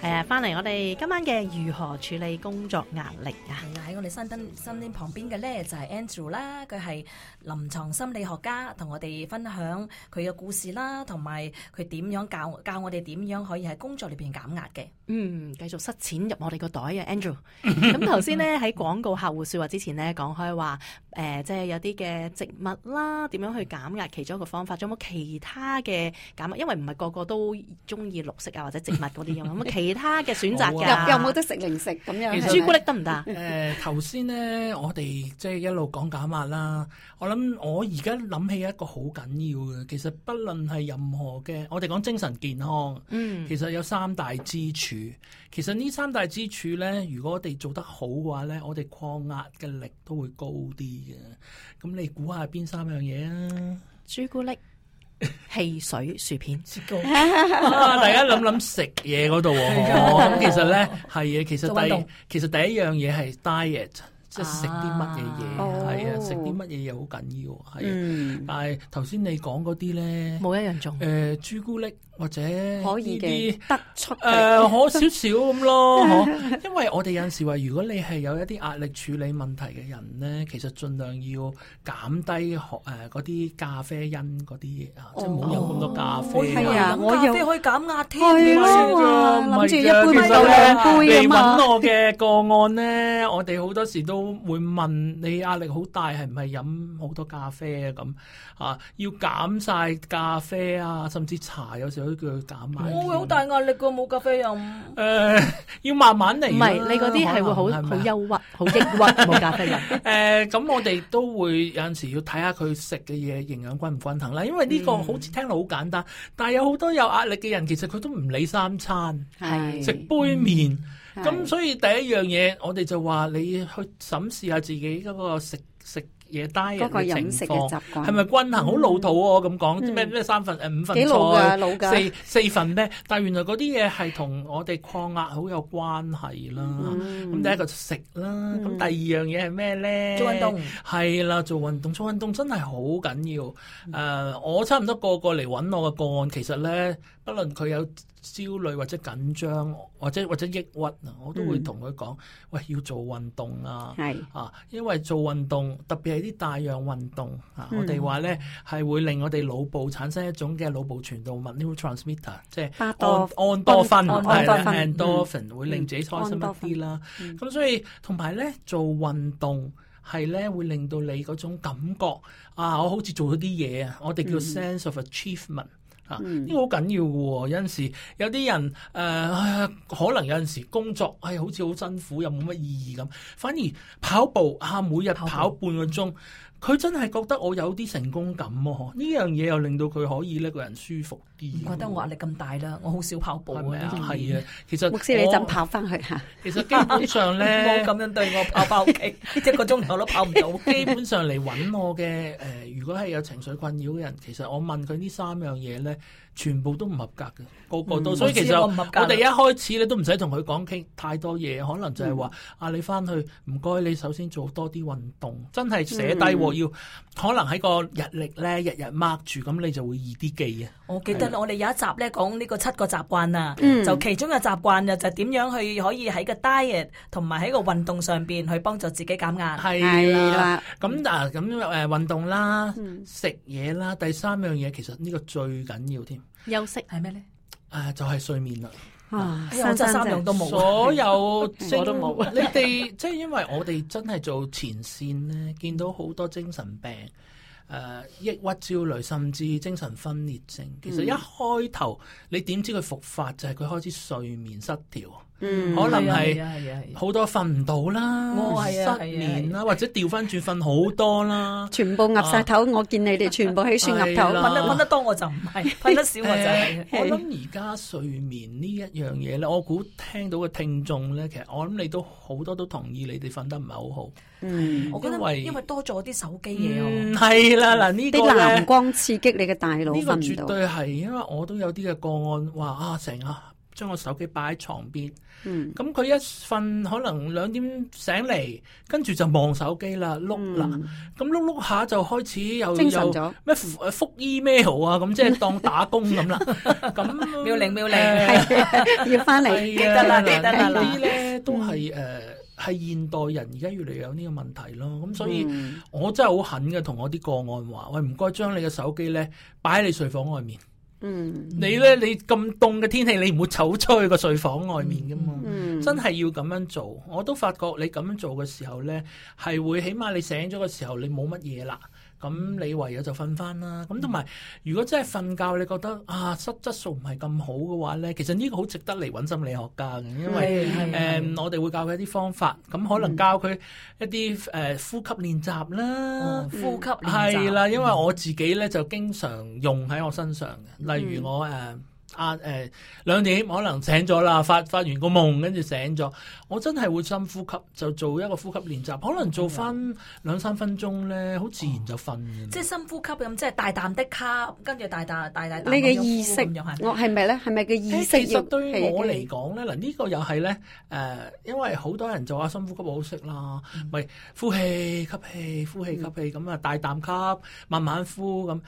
Speaker 4: 係啊，翻嚟我哋今晚嘅如何處理工作壓力啊？喺
Speaker 2: 我哋新登新店旁邊嘅咧就係 Andrew 啦，佢係臨床心理學家，同我哋分享佢嘅故事啦，同埋佢
Speaker 4: 點樣教教我哋點樣可以喺工作裏邊減壓嘅。嗯，繼續塞錢入我哋個袋啊，Andrew。咁頭先咧喺廣告客戶說話之前咧講開話，誒、呃，即係有啲嘅植物啦，點樣去減壓？其中一個方法，有冇其他嘅減壓？因為唔係個個都中意綠色啊或者植物嗰啲咁，有其他嘅選擇，沒有？啊，又冇得食零
Speaker 1: 食咁樣，朱古力得唔得？誒
Speaker 4: 呃，頭先咧，我哋即係一路講減壓啦。
Speaker 3: 我諗我而家諗起一個好緊要嘅，其實不論係任何嘅，我哋講精神健康，嗯，其實有三大支柱。其實呢三大支柱咧，如果我哋做得好嘅話咧，我哋抗壓嘅力都會高啲嘅。咁你估下邊三樣嘢啊？朱古力。 汽水、薯片、雪
Speaker 5: 糕，大家
Speaker 3: 諗諗食嘢嗰度，咁、哦嗯嗯、其實咧係嘅，其實第其實第一樣嘢係 diet，即係食啲乜嘢嘢，係啊，食啲乜嘢又好緊要，係、嗯。但係頭先你講嗰啲咧，冇一樣中誒，呃、朱古力。或者可以嘅，得出誒可少少咁咯， 因為我哋有陣時話，如果你係有一啲壓力處理問題嘅人咧，其實盡量要減低誒嗰啲咖啡因嗰啲嘢啊，即係唔好飲咁多咖啡啦、哦啊。我啲
Speaker 2: 可以減壓添咯，諗住一杯咪得兩杯咁啊。嚟搵我
Speaker 3: 嘅個案咧， 我哋好多時都會問，你壓力好大，係唔係飲好多咖啡啊？咁啊，要減晒咖啡啊，甚至茶有時候。我會
Speaker 4: 好大壓力嘅，冇咖啡飲。呃、要慢慢嚟。唔係你嗰啲係會好好憂鬱、好抑鬱冇 咖啡
Speaker 3: 飲。咁、 呃、我哋都會有陣時要睇下佢食嘅嘢營養均唔均衡啦。因為呢個好似聽落好簡單，嗯、但係有好多有壓力嘅人其實佢都唔理三餐，係、食杯麵。咁、嗯、所以第一樣嘢，我哋就話你去審視下自己嗰個食食。嘢低嘅飲食嘅習慣，係、那、咪、個、均衡好、嗯、老土喎、啊？咁講咩咩三份誒五份菜，老老四四份咩？但係原來嗰啲嘢係同我哋抗壓好有關係啦。咁、嗯、第一個食啦，咁、嗯、第二樣嘢係咩咧？做運動係啦，做運動，做運動真係好緊要。誒、嗯呃，我差唔多個個嚟揾我嘅個案，其實咧，不論佢有。焦慮或者緊張或者或者抑鬱啊，我都會同佢講，喂，要做運動啊！係啊，因為做運動特別係啲大量運動、嗯、啊，我哋話咧係會令我哋腦部產生一種嘅腦部傳導物 （neurotransmitter），嗯、即係安，安多芬啊，係啦，安多芬、嗯、會令自己開心一啲啦。咁、嗯嗯、所以同埋咧做運動係咧會令到你嗰種感覺啊，我好似做咗啲嘢啊，我哋叫 sense of achievement、嗯。嗯啊，呢個好緊要嘅喎，有陣時有啲人誒、呃，可能有陣時工作係、哎、好似好辛苦，又冇乜意義咁，反而跑步啊，每日跑半個鐘。佢真係覺得我有啲成功感喎，呢樣嘢又令到佢可以呢個人舒服啲。我覺得
Speaker 2: 我壓力咁大啦，我好少跑步嘅呀。係啊、嗯，
Speaker 3: 其實牧師你陣，跑
Speaker 2: 翻去吓。其實基本上咧，冇 咁樣對我跑翻屋企一個鐘頭都跑唔到。
Speaker 3: 基本上嚟揾我嘅，誒、呃，如果係有情緒困擾嘅人，其實我問佢呢三樣嘢咧。全部都唔合格嘅，個個都、嗯。所以其實我哋一開始咧都唔使同佢講傾太多嘢，可能就係話、嗯、啊，你翻去唔該，你首先做多啲運動，真係寫低、嗯、要可能喺個日曆咧日日 mark 住，咁你就會易啲記啊。我記得我哋有
Speaker 2: 一集咧講呢個七個習慣啊、嗯，就其中嘅習慣就係點樣去可以喺個 diet 同埋喺個運動上邊去幫助自己減壓。係啦，
Speaker 3: 咁嗱咁誒運動啦，嗯、食嘢啦，第三樣嘢其實呢個最緊要添。
Speaker 4: 休息係咩呢、呃
Speaker 3: 就係？啊，就係睡眠啦。
Speaker 4: 哇、哎，我三樣都冇。所有
Speaker 3: 我都冇。 你哋即係因為我哋真係做前線呢，見到好多精神病，誒、呃，抑鬱焦慮，甚至精神分裂症。其實一開頭、嗯、你點知佢復發就係、係、佢開始睡眠失調。嗯、um,，可能係好多瞓唔到啦，失眠啦。是啊、是是是是，或者調翻轉瞓好多啦。
Speaker 1: 全部壓晒頭，我見你哋全部起算壓、啊、頭，瞓得瞓
Speaker 3: 得多我就唔係，
Speaker 5: 瞓 得少我就係。 我
Speaker 3: 諗而家睡眠這一呢一樣嘢咧， 我估聽到嘅聽眾咧，其實我諗你都好多都同意，你哋瞓得唔係好好。嗯，我覺得因為
Speaker 2: 多咗啲手機嘢哦，係、
Speaker 3: 嗯、啦嗱、這個、呢個啲藍
Speaker 1: 光刺激你嘅大腦瞓唔到，這個、絕對
Speaker 3: 係，因為我都有啲嘅個案話啊成日。將個手機擺喺床邊，咁、嗯、佢一瞓可能兩點醒嚟，跟住就望手機啦，碌啦，咁碌碌下就開始有咩覆 email 啊，咁即係當打工咁啦。
Speaker 2: 咁妙玲妙玲，係、啊啊、要翻嚟，記得啦，記得啦。呢啲
Speaker 3: 咧都係誒，係、呃、現代人而家越嚟越有呢個問題咯。咁、嗯、所以我真係好狠嘅，同我啲個案話：喂，唔該將你嘅手機咧擺喺你睡房外面。嗯、mm -hmm.，你咧，你咁凍嘅天氣，你唔會走出去個睡房外面噶嘛
Speaker 5: ？Mm -hmm. 真係
Speaker 3: 要咁樣做，我都發覺你咁樣做嘅時候咧，係會起碼你醒咗嘅時候你，你冇乜嘢啦。咁你唯有就瞓返啦。咁同埋，如果真係瞓覺，你覺得啊，質質素唔係咁好嘅話呢，其實呢個好值得嚟搵心理學家嘅，因為係係係係、um, 我哋會教佢一啲方法，咁可能教佢一啲呼吸練習啦、嗯，呼吸係啦，因為我自己呢就經常用喺我身上嘅，例如我、嗯啊誒、呃、兩點可能醒咗啦，發發完個夢跟住醒咗，我真係會深呼吸，就做一個呼吸練習，可能做翻兩三分鐘咧，好自然就瞓、哦。即
Speaker 2: 係深呼吸咁，即係大啖的吸，跟住大啖、大大，大，大的你嘅意識，我係咪咧？係咪嘅意識？其
Speaker 3: 實對於我嚟講咧，嗱呢、這個又係咧誒，因為好多人就話深呼吸好識啦，咪、嗯就是、呼氣吸，吸氣呼氣吸氣咁啊，大啖吸，慢慢呼咁。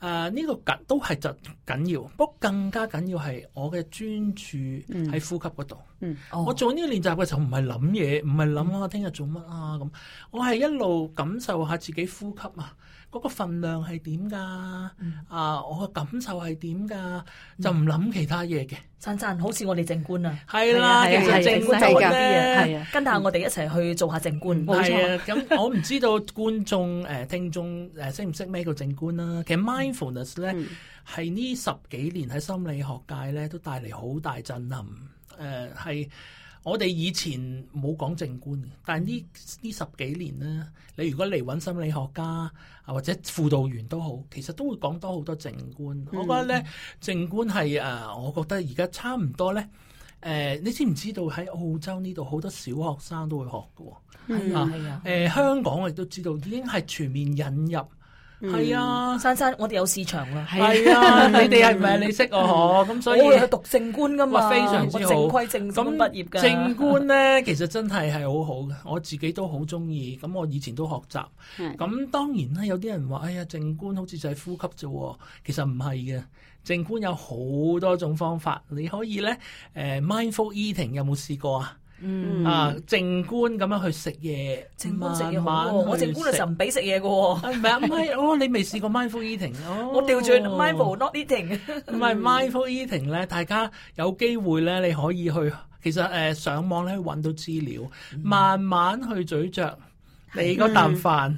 Speaker 3: 誒、啊、呢、這個緊都係就緊要，不過更加緊要係我嘅專注喺呼吸嗰度、嗯嗯哦。我做呢個練習嘅時候，唔係諗嘢，唔係諗啊，聽日做乜啊咁，我係一路感受下自己呼吸啊。嗰、那個份量係點噶？啊，嗯、我嘅感受係點噶？就唔諗其他嘢嘅。真真好似我哋靜觀啊，係啦，其實靜觀就係咧，係啊，是啊
Speaker 2: 跟下我哋一齊去做下靜觀。冇、嗯、錯，
Speaker 3: 咁我唔知道觀眾誒聽眾誒、欸、識唔識咩叫靜觀啦。其實 mindfulness 咧係呢、嗯、是這十幾年喺心理學界咧都帶嚟好大震撼。誒、呃、係。我哋以前冇講靜觀，但呢呢十幾年咧，你如果嚟搵心理學家啊或者輔導員都好，其實都會講多好多靜觀、嗯。我覺得咧，靜觀係我覺得而家差唔多咧、呃。你知唔知道喺澳洲呢度好多小學生都會學㗎喎？係、嗯、啊係啊、呃！香港我哋都知道已經係全面引入。係啊、嗯，珊珊，我哋有市場啦，
Speaker 2: 係啊，
Speaker 5: 是啊 你哋係唔係你識我
Speaker 3: 咁？ 所以我去讀靜
Speaker 2: 觀噶嘛，哇非常之好，我正規靜觀畢業嘅。靜觀
Speaker 3: 咧，其實真係係好好嘅，我自己都好中意。咁我以前都學習。咁 當然咧，有啲人話，哎呀，靜觀好似就係呼吸啫。其實唔係嘅，靜觀有好多種方法。你可以咧，誒、呃、mindful eating 有冇試過啊？嗯，啊，靜觀咁樣去食嘢，靜觀食嘢好，哦慢慢。我靜觀時就唔俾食嘢㗎，唔係啊 m i 哦， 啊啊 Mike, oh, 你未試過 mindful eating？Oh, 我掉轉 mindful not eating 不是。唔 係 mindful eating 咧，大家有機會咧，你可以去，其實誒、呃、上網咧搵到資料，嗯，慢慢去咀嚼你嗰啖飯，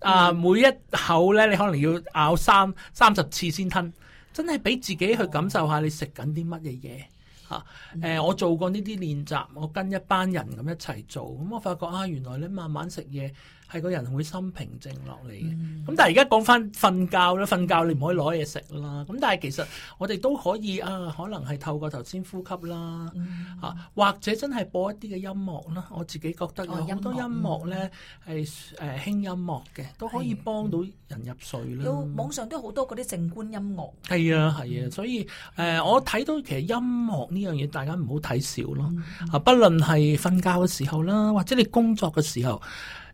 Speaker 3: 嗯、啊，每一口咧，你可能要咬三三十次先吞，真係俾自己去感受下，哦、你食緊啲乜嘢嘢。啊、嗯呃，我做過呢啲練習，我跟一班人咁一齊做，咁、嗯、我發覺啊，原來你慢慢食嘢，係個人會心平靜落嚟嘅，咁、嗯、但係而家講翻瞓覺啦，瞓覺你唔可以攞嘢食啦。咁但係其實我哋都可以啊，可能係透過頭先呼吸啦、嗯，啊或者真係播一啲嘅音樂啦。我自己覺得有好多音樂咧係誒輕音樂嘅，都可以幫到人入睡啦、嗯。有網上都好多嗰啲靜觀音樂。係啊係啊，所以誒、啊，我睇到其實音樂呢樣嘢，大家唔好睇少咯。啊，不論係瞓覺嘅時候啦，或者你工作嘅時候。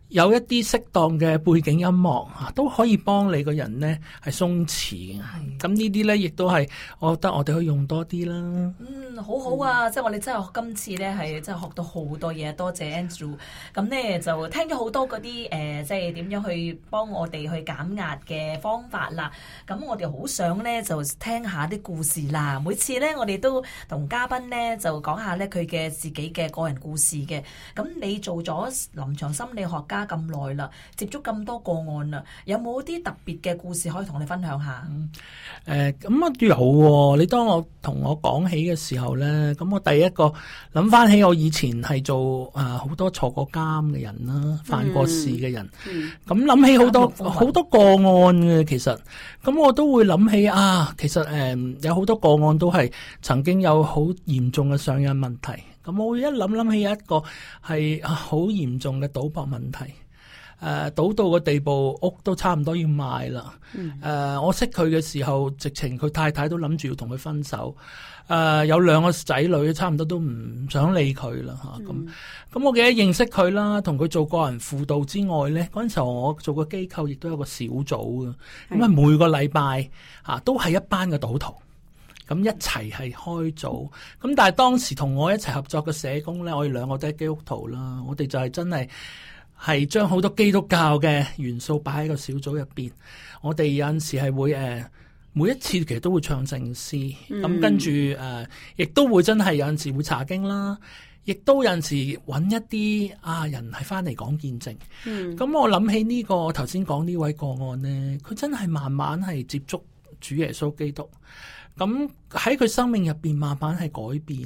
Speaker 3: 有一啲適當嘅背景音樂嚇，都可以幫你個人咧係鬆弛嘅。咁呢啲呢，亦都係我覺得我哋可以用多啲啦。嗯，
Speaker 2: 好好啊！嗯、即係我哋真係今次呢，係真係學到好多嘢，多謝 Andrew。咁 呢，就聽咗好多嗰啲誒，即係點樣去幫我哋去減壓嘅方法啦。咁我哋好想呢，就聽下啲故事啦。每次呢，我哋都同嘉賓呢，就講下呢，佢嘅自己嘅個人故事嘅。咁你做咗臨床心理學家咁耐啦，接觸咁多個案啦，有冇啲特別嘅故事可以同你分享下？
Speaker 3: 誒、呃，咁啊有，哦，你當我同我講起嘅時候咧，咁我第一個諗翻起我以前係做啊好、呃、多坐過監嘅人啦，犯過事嘅人，咁、嗯、諗、嗯、起好多好多個案嘅，其實咁我都會諗起啊，其實誒、呃、有好多個案都係曾經有好嚴重嘅上癮問題。我一諗諗起一個係好嚴重嘅賭博問題，誒、啊、賭到個地步，屋都差唔多要賣啦。誒、嗯啊、我識佢嘅時候，直情佢太太都諗住要同佢分手。誒、啊、有兩個仔女，差唔多都唔想理佢啦。吓咁咁，嗯啊、我記得認識佢啦，同佢做個人輔導之外咧，嗰陣時候我做個機構亦都有個小組嘅，咁啊每個禮拜啊都係一班嘅賭徒。.咁一齊係開組，咁但係當時同我一齊合作嘅社工咧，我哋兩個都係基督徒啦，我哋就係真係係將好多基督教嘅元素擺喺個小組入邊。我哋有陣時係會誒、呃，每一次其實都會唱聖詩，咁跟住誒，亦、呃、都會真係有陣時會查經啦，亦都有陣時揾一啲啊人係翻嚟講見證。
Speaker 5: 咁我諗
Speaker 3: 起呢、這個頭先講呢位個案呢，佢真係慢慢係接觸主耶穌基督。咁喺佢生命入邊慢慢係改變。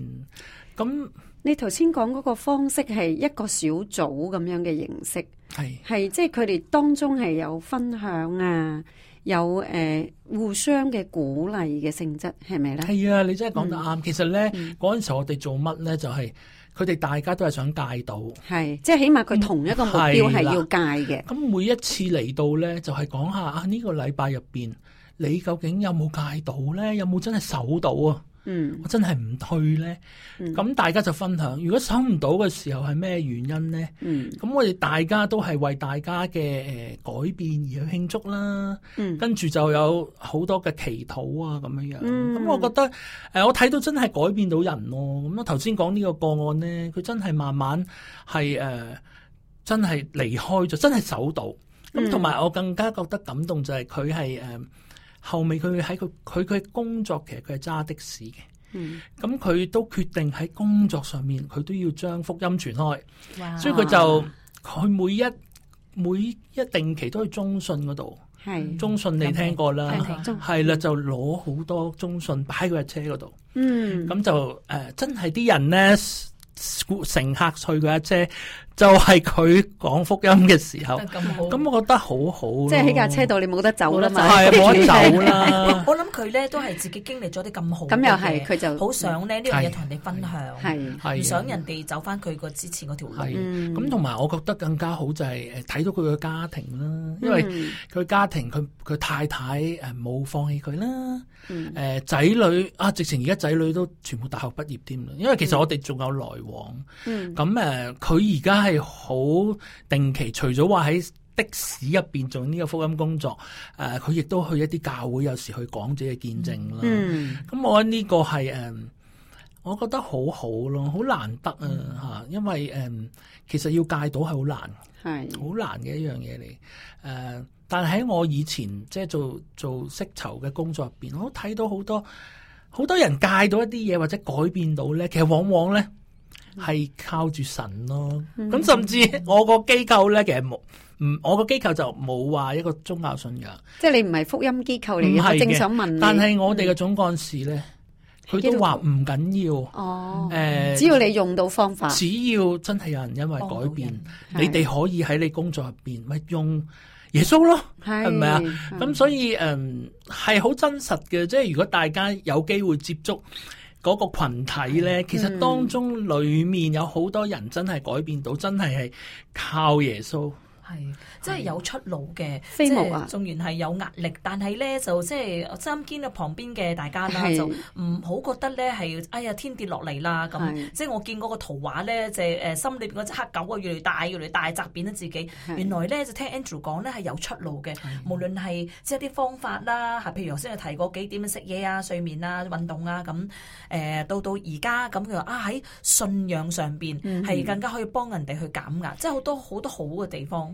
Speaker 3: 咁
Speaker 1: 你頭先講嗰個方式係一個小組咁樣嘅形式，係係即係佢哋當中係有分享啊，有誒、呃、互相嘅鼓勵嘅性質，係咪咧？係
Speaker 3: 啊，你真係講得啱、嗯。其實咧，嗰、嗯、陣時候我哋做乜咧，就係佢哋大家都係想戒到，
Speaker 1: 係即係起碼佢同一個目標係要
Speaker 3: 戒嘅。咁、嗯啊、每一次嚟到咧，就係、是、講下啊呢、這個禮拜入邊。你究竟有冇戒到咧？有冇真係守到啊？嗯，我真係唔退咧。咁、嗯、大家就分享，如果守唔到嘅時候係咩原因咧？嗯，咁我哋大家都係為大家嘅誒、呃、改變而去慶祝啦。嗯、跟住就有好多嘅祈禱啊咁樣樣。咁、嗯嗯、我覺得誒、呃，我睇到真係改變到人咯、啊。咁我頭先講呢個個案咧，佢真係慢慢係誒、呃，真係離開咗，真係守到。咁同埋我更加覺得感動就係佢係誒、呃後尾佢會喺佢佢佢工作，其實佢係揸的士嘅，咁、嗯、佢都決定喺工作上面佢都要將福音傳開，
Speaker 5: 所以佢就
Speaker 3: 佢每一每一定期都去中信嗰度，係中信你聽過啦，係啦，就攞好多中信擺佢架車嗰度，
Speaker 5: 嗯咁
Speaker 3: 就誒、呃、真係啲人咧，乘客去佢架車。就係佢講福音嘅時候，咁我覺得好好。即係喺架
Speaker 2: 車度，你冇得走啦嘛， 係
Speaker 5: 冇得走啦。
Speaker 2: 我諗佢咧都係自己經歷咗啲咁好，咁又係佢就好想咧呢啲嘢，同人哋分享，
Speaker 3: 係唔想人
Speaker 2: 哋走翻佢個之前嗰條
Speaker 3: 路。咁同埋，嗯、我覺得更加好就係誒睇到佢嘅家庭啦，因為佢家庭，佢、嗯、佢太太誒冇、呃、放棄佢啦，誒、嗯、仔、呃、女啊，直情而家仔女都全部大學畢業添，因為其實我哋仲有來往，咁誒佢而家。係好定期，除咗話喺的士入邊做呢個福音工作，誒、呃，佢亦都去一啲教會，有時去講者嘅見證啦。咁、嗯嗯、我諗呢個係誒，我覺得好好咯，好難得啊吓、嗯，因為誒、呃，其實要戒到係好難，係好難嘅一樣嘢嚟。誒、呃，但喺我以前即係做做釋囚嘅工作入邊，我都睇到好多好多人戒到一啲嘢，或者改變到咧，其實往往咧。係靠住神咯，咁甚至我個機構咧，其實冇，唔，我個機構就冇話一個宗教信仰。
Speaker 1: 即係你唔係福音機構，你唔係正想問。但係我哋
Speaker 3: 嘅總幹事咧，佢、嗯、都話唔緊要。
Speaker 1: 哦，誒、欸，只要你用到方法，只
Speaker 3: 要真係有人因為改變，哦、你哋可以喺你工作入邊咪用耶穌咯，係咪啊？咁所以誒係好真實嘅，即係如果大家有機會接觸。嗰個群體呢，其實當中裏面有好多人真係改變到，真係係靠耶穌。
Speaker 2: 即係、就是、有出路嘅，即係縱然係有壓力，啊、但係咧就即係啱見到旁邊嘅大家呢呢、哎、啦，就唔好覺得咧係哎呀天跌落嚟啦咁。即係我見嗰個圖畫咧，就誒、是呃、心裏邊嗰隻黑狗啊，越嚟大越嚟大，扎扁咗自己。原來咧就聽 Andrew 講咧係有出路嘅，無論係即係啲方法啦，吓譬如頭先佢提過幾點食嘢啊、睡眠啊、運動啊咁，誒、呃、到到而家咁佢話啊喺信仰上邊係、嗯、更加可以幫人哋去減壓，即係好多好多好嘅地方。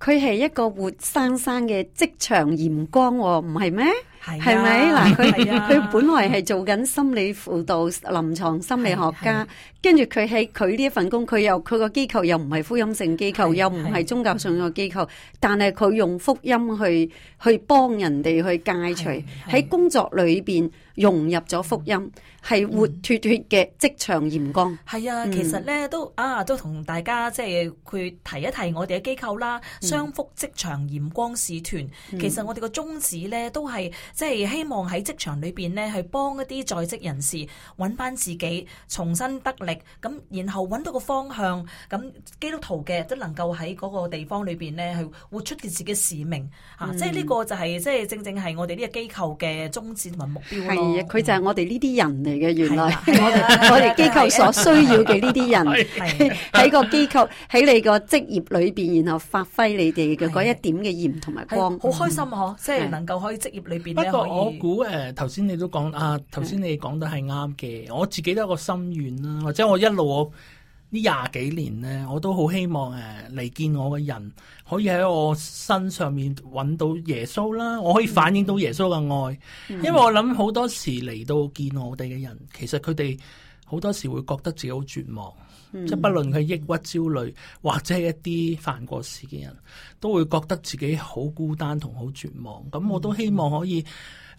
Speaker 1: 佢係一個活生生嘅職場鹽光，唔係咩？係咪嗱？佢佢、啊啊、本來係做緊心理輔導、臨、啊、床心理學家，跟住佢喺佢呢一份工，佢又佢個機構又唔係福音性機構，啊、又唔係宗教上個機構，啊嗯、但係佢用福音去去幫人哋去戒除喺、啊啊、工作裏邊融入咗福音，係活脫脫嘅職場鹽光。係、嗯、啊，其實
Speaker 2: 咧都啊都同大家即係去提一提我哋嘅機構啦。商福職場鹽光使團，其實我哋個宗旨咧都係，即、就、係、是、希望喺職場裏邊咧，去幫一啲在職人士揾翻自己，重新得力，咁然後揾到個方向，咁基督徒嘅都能夠喺嗰個地方裏邊咧，去活出佢自己的使命，吓、嗯，即係呢個就係、是，即、就、係、是、正正係我哋呢個機構嘅宗旨同埋目標係啊，佢
Speaker 1: 就係我哋呢啲人嚟嘅，原來、啊啊 啊啊啊、 我哋機構所需要嘅呢啲人，喺、 啊啊、 個機構喺你個職業裏邊，然後發揮。你哋嘅嗰一點嘅鹽同埋光，好、嗯、
Speaker 3: 開心嗬！即係能夠可以職業裏邊。不過我估誒，頭、呃、先你都講啊，頭先你講得係啱嘅。我自己都有一個心願啦，或者我一路呢廿幾年咧，我都好希望誒，嚟、啊、見我嘅人可以喺我身上面揾到耶穌啦。我可以反映到耶穌嘅愛、
Speaker 5: 嗯，因為我諗
Speaker 3: 好多時嚟到見我哋嘅人，其實佢哋。好多時候會覺得自己好絕望，嗯、
Speaker 5: 即係不論佢
Speaker 3: 抑鬱、焦慮，或者係一啲犯過事嘅人，都會覺得自己好孤單同好絕望。咁我都希望可以，誒、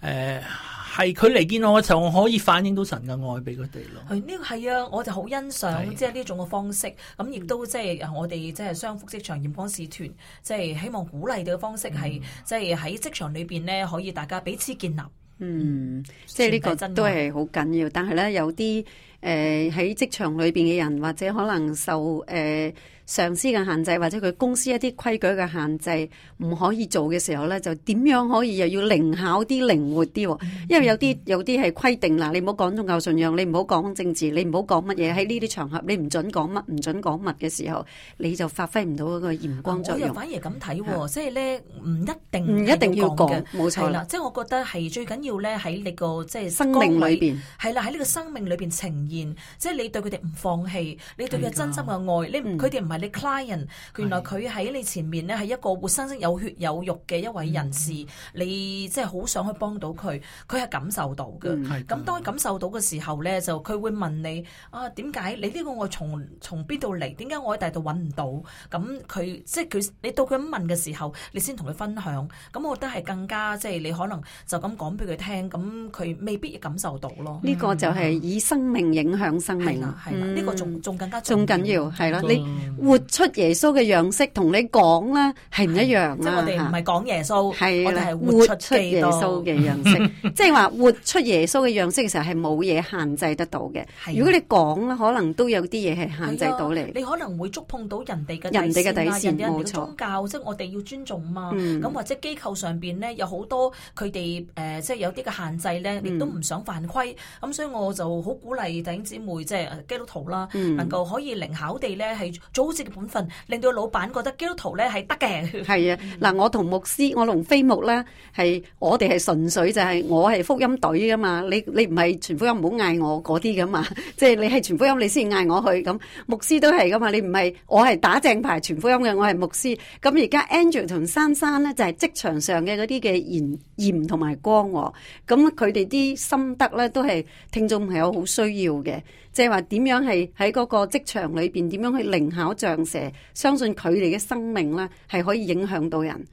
Speaker 3: 嗯，係佢嚟見我嘅時候，我可以反映到神嘅愛俾佢哋咯。
Speaker 2: 係呢個係啊，我就好欣賞、啊、即係呢種嘅方式。咁亦都即係我哋即係商福職場鹽、啊、光使團，即、就、係、是、希望鼓勵嘅方式係，即係喺職場裏邊咧，可以大家彼此建立。嗯，
Speaker 1: 即係呢個真都係好緊要。但係咧，有啲。誒、呃，喺職場裏邊嘅人，或者可能受誒、呃、上司嘅限制，或者佢公司一啲規矩嘅限制，唔可以做嘅時候咧，就點樣可以又要靈巧啲、靈活啲？因為有啲有啲係規定，啦，你唔好講宗教信仰，你唔好講政治，你唔好講乜嘢喺呢啲場合，你唔准講乜，唔准講乜嘅時候，你就發揮唔到一個鹽光作用。我又反而咁睇，即係
Speaker 2: 咧唔一定唔一定要講，冇錯啦。即係、就是、我覺得係最緊要咧喺你個即係生命裏邊，係啦喺呢個生命裏邊情。即係你對佢哋唔放棄，你對佢真心嘅愛，是的你佢哋唔係你 client。原來佢喺你前面咧係一個活生生有血有肉嘅一位人士，你即係好想去幫到佢，佢係感受到嘅。咁當佢感受到嘅時候呢，就佢會問你啊，點解你呢個我從從邊度嚟？點解我喺第度揾唔到？咁佢即係佢，你到佢咁問嘅時候，你先同佢分享。咁我覺得係更加即係你可能就咁講俾佢聽，咁佢未必感受到咯。呢個就係
Speaker 1: 以生命。影響生命啊，係啦，呢個仲
Speaker 2: 仲更加仲緊要，係啦，你
Speaker 1: 活出耶穌嘅樣式，同你講咧係唔一樣啊。即係我哋唔
Speaker 2: 係講耶穌，係啦，我哋係活出耶穌嘅樣式，
Speaker 1: 即係話活出耶穌嘅樣式嘅時候係冇嘢限制得到嘅。如果你講咧，可能都有啲嘢係限制到你。你
Speaker 2: 可能會觸碰到人哋嘅底線啊，冇錯。宗教即係我哋要尊重啊嘛。咁或者機構上面咧有好多佢哋誒，即係有啲嘅限制咧，亦都唔想犯規。咁所以我就好鼓勵。姐妹即係基督徒啦，能夠可以靈巧地咧係做好自己嘅本分，令到老闆覺得基督徒咧係得嘅。係
Speaker 1: 啊，嗱，我同牧師，我同飛牧咧，係我哋係純粹就係我係福音隊噶嘛。你你唔係全福音唔好嗌我嗰啲噶嘛。即係你係全福音，你先嗌我去咁。牧師都係噶嘛。你唔係我係打正牌全福音嘅，我係牧師。咁而家 Andrew 同珊珊咧就係職場上嘅嗰啲嘅鹽鹽同埋光。咁佢哋啲心得咧都係聽眾朋友好需要。嘅，即係話點樣係喺嗰個職場裏邊點樣去靈巧像蛇，相信佢哋嘅生命咧，係可以影響到人。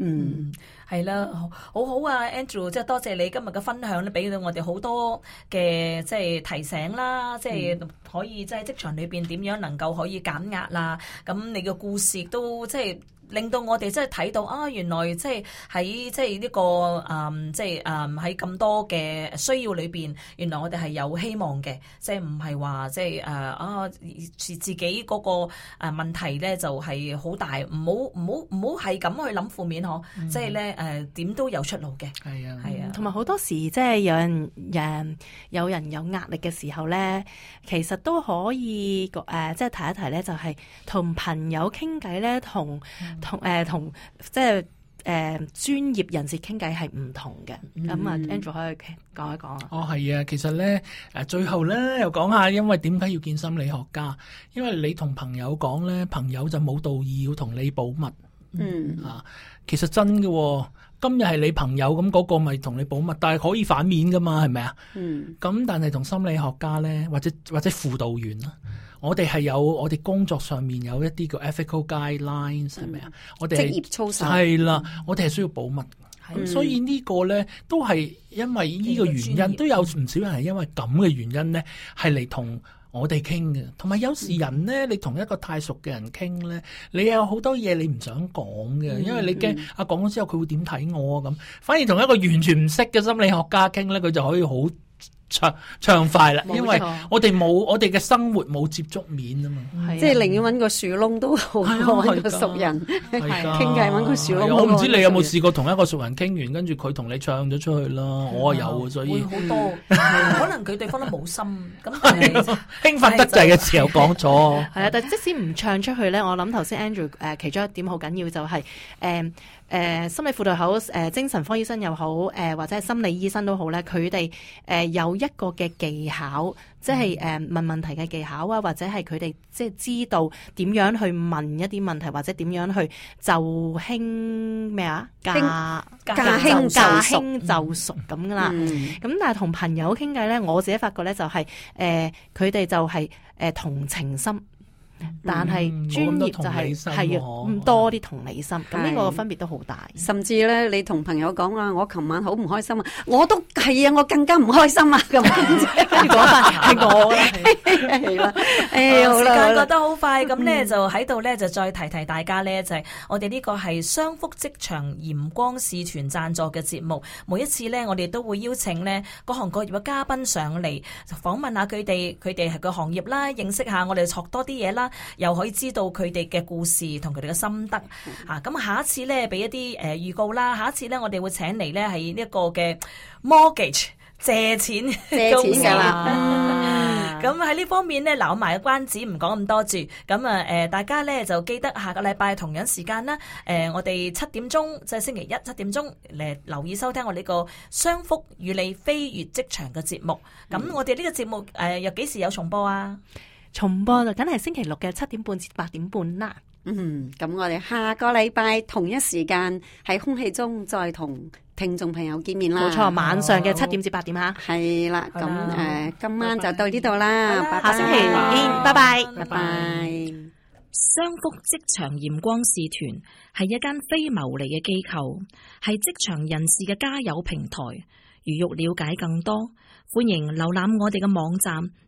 Speaker 5: 嗯，
Speaker 2: 係啦，好好啊，Andrew，即係多謝你今日嘅分享咧，俾到我哋好多嘅即係提醒啦，即係可以即係職場裏邊點樣能夠可以減壓啦。咁你嘅故事都即係。就是令到我哋即係睇到啊，原來即係喺即係呢個誒即係誒喺咁多嘅需要裏邊。原來我哋係有希望嘅，即係唔係話即係誒啊自己嗰個誒問題咧就係好大，唔好唔好唔好係咁去諗負面嗬，即係咧誒
Speaker 4: 點都有出路嘅，係啊，係啊，同埋好多時即係、就是、有人有人有壓力嘅時候咧，其實都可以誒即係提一提咧，就係同朋友傾偈咧，同。同誒同即係誒專業人士傾偈係唔同嘅，咁、嗯、啊 Andrew 可以講一講
Speaker 3: 啊。哦，係啊，其實咧誒最後咧又講下，因為點解要見心理學家？因為你同朋友講咧，朋友就冇道義要同你保密。嗯啊，其實真嘅、哦，今日係你朋友咁嗰個咪同你保密，但係可以反面噶嘛，係咪啊？嗯。咁但係同心理學家咧，或者或者輔導員啦。我哋係有，我哋工作上面有一啲叫 ethical guidelines 係咪啊？我哋職業操守係啦，嗯，我哋係需要保密。咁、
Speaker 5: 嗯、所以個
Speaker 3: 呢個咧都係因為呢個原因，都有唔少人係因為咁嘅原因咧，係嚟同我哋傾嘅。同埋有，有時人咧、嗯，你同一個太熟嘅人傾咧，你有好多嘢你唔想講嘅，嗯，因為你驚、嗯、啊講咗之後佢會點睇我啊咁。反而同一個完全唔識嘅心理學家傾咧，佢就可以好。唱唱快啦，因為我哋冇我哋嘅生活冇接觸面啊
Speaker 1: 嘛，即係寧願揾個樹窿都好過揾個熟人，傾偈揾個樹窿。我唔知你有冇
Speaker 3: 試過同一個熟人傾完，跟住佢同你唱咗出去囉，我啊有啊，所以會好
Speaker 2: 多，可能佢對方
Speaker 4: 都冇心，咁興奮得滯嘅時候講咗。係啊，但即使唔唱出去咧，我諗頭先 Andrew 誒，其中一點好緊要就係誒。誒、呃、心理輔導好，誒、呃、精神科醫生又好，誒、呃、或者係心理醫生都好咧，佢哋誒有一個嘅技巧，即係誒、呃、問問題嘅技巧啊，或者係佢哋即係知道點樣去問一啲問題，或者點樣去就輕咩啊？駕輕，駕輕就熟咁噶啦，咁、嗯嗯、但係同朋友傾偈咧，我自己發覺咧就係誒佢哋就係、是呃就是呃、同情心。但係專、嗯、業就係、是、係啊，多啲同理心，咁呢個分別都好大。甚至咧，你同
Speaker 1: 朋友講啊，我琴晚好唔開心啊，我都係啊，我更加唔開心啊咁。講翻係我嘅了，係
Speaker 2: 啦。誒、 哎，好啦，覺得好快，咁呢，就喺度呢，就再提提大家呢，就係、是、我哋呢個係商福職場鹽光使團贊助嘅節目。每一次呢，我哋都會邀請呢各行各業嘅嘉賓上嚟訪問下佢哋，佢哋係個行業啦，認識下我哋學多啲嘢啦。又可以知道佢哋嘅故事同佢哋嘅心得、嗯、啊！咁下一次咧，俾一啲誒預告啦。下一次咧，我哋會請嚟咧係呢一個嘅 mortgage 借錢借錢噶啦。咁喺呢方面咧，留埋個關子不說那麼，唔講咁多住。咁啊誒，大家咧就記得下個禮拜同樣時間啦。誒、呃，我哋七點鐘即係星期一七點鐘嚟留意收聽我呢個商福與你飛越職場嘅節目。咁、嗯、我哋呢個節目誒又幾時有重播啊？
Speaker 4: 重播就梗係星期六嘅七點半至八點
Speaker 2: 半啦。
Speaker 1: 嗯，咁我哋下個禮拜同一時間喺空氣中再同聽眾朋友見面啦。冇錯，晚上嘅七點至八點吓。係、哦、啦，咁誒、嗯嗯，今晚就到呢度啦。下星期見，拜
Speaker 2: 拜，拜拜。商福職場鹽光使團係一間非牟利嘅機構，係職場人士嘅加油平台。如欲了解更多，歡迎瀏覽我哋嘅網站。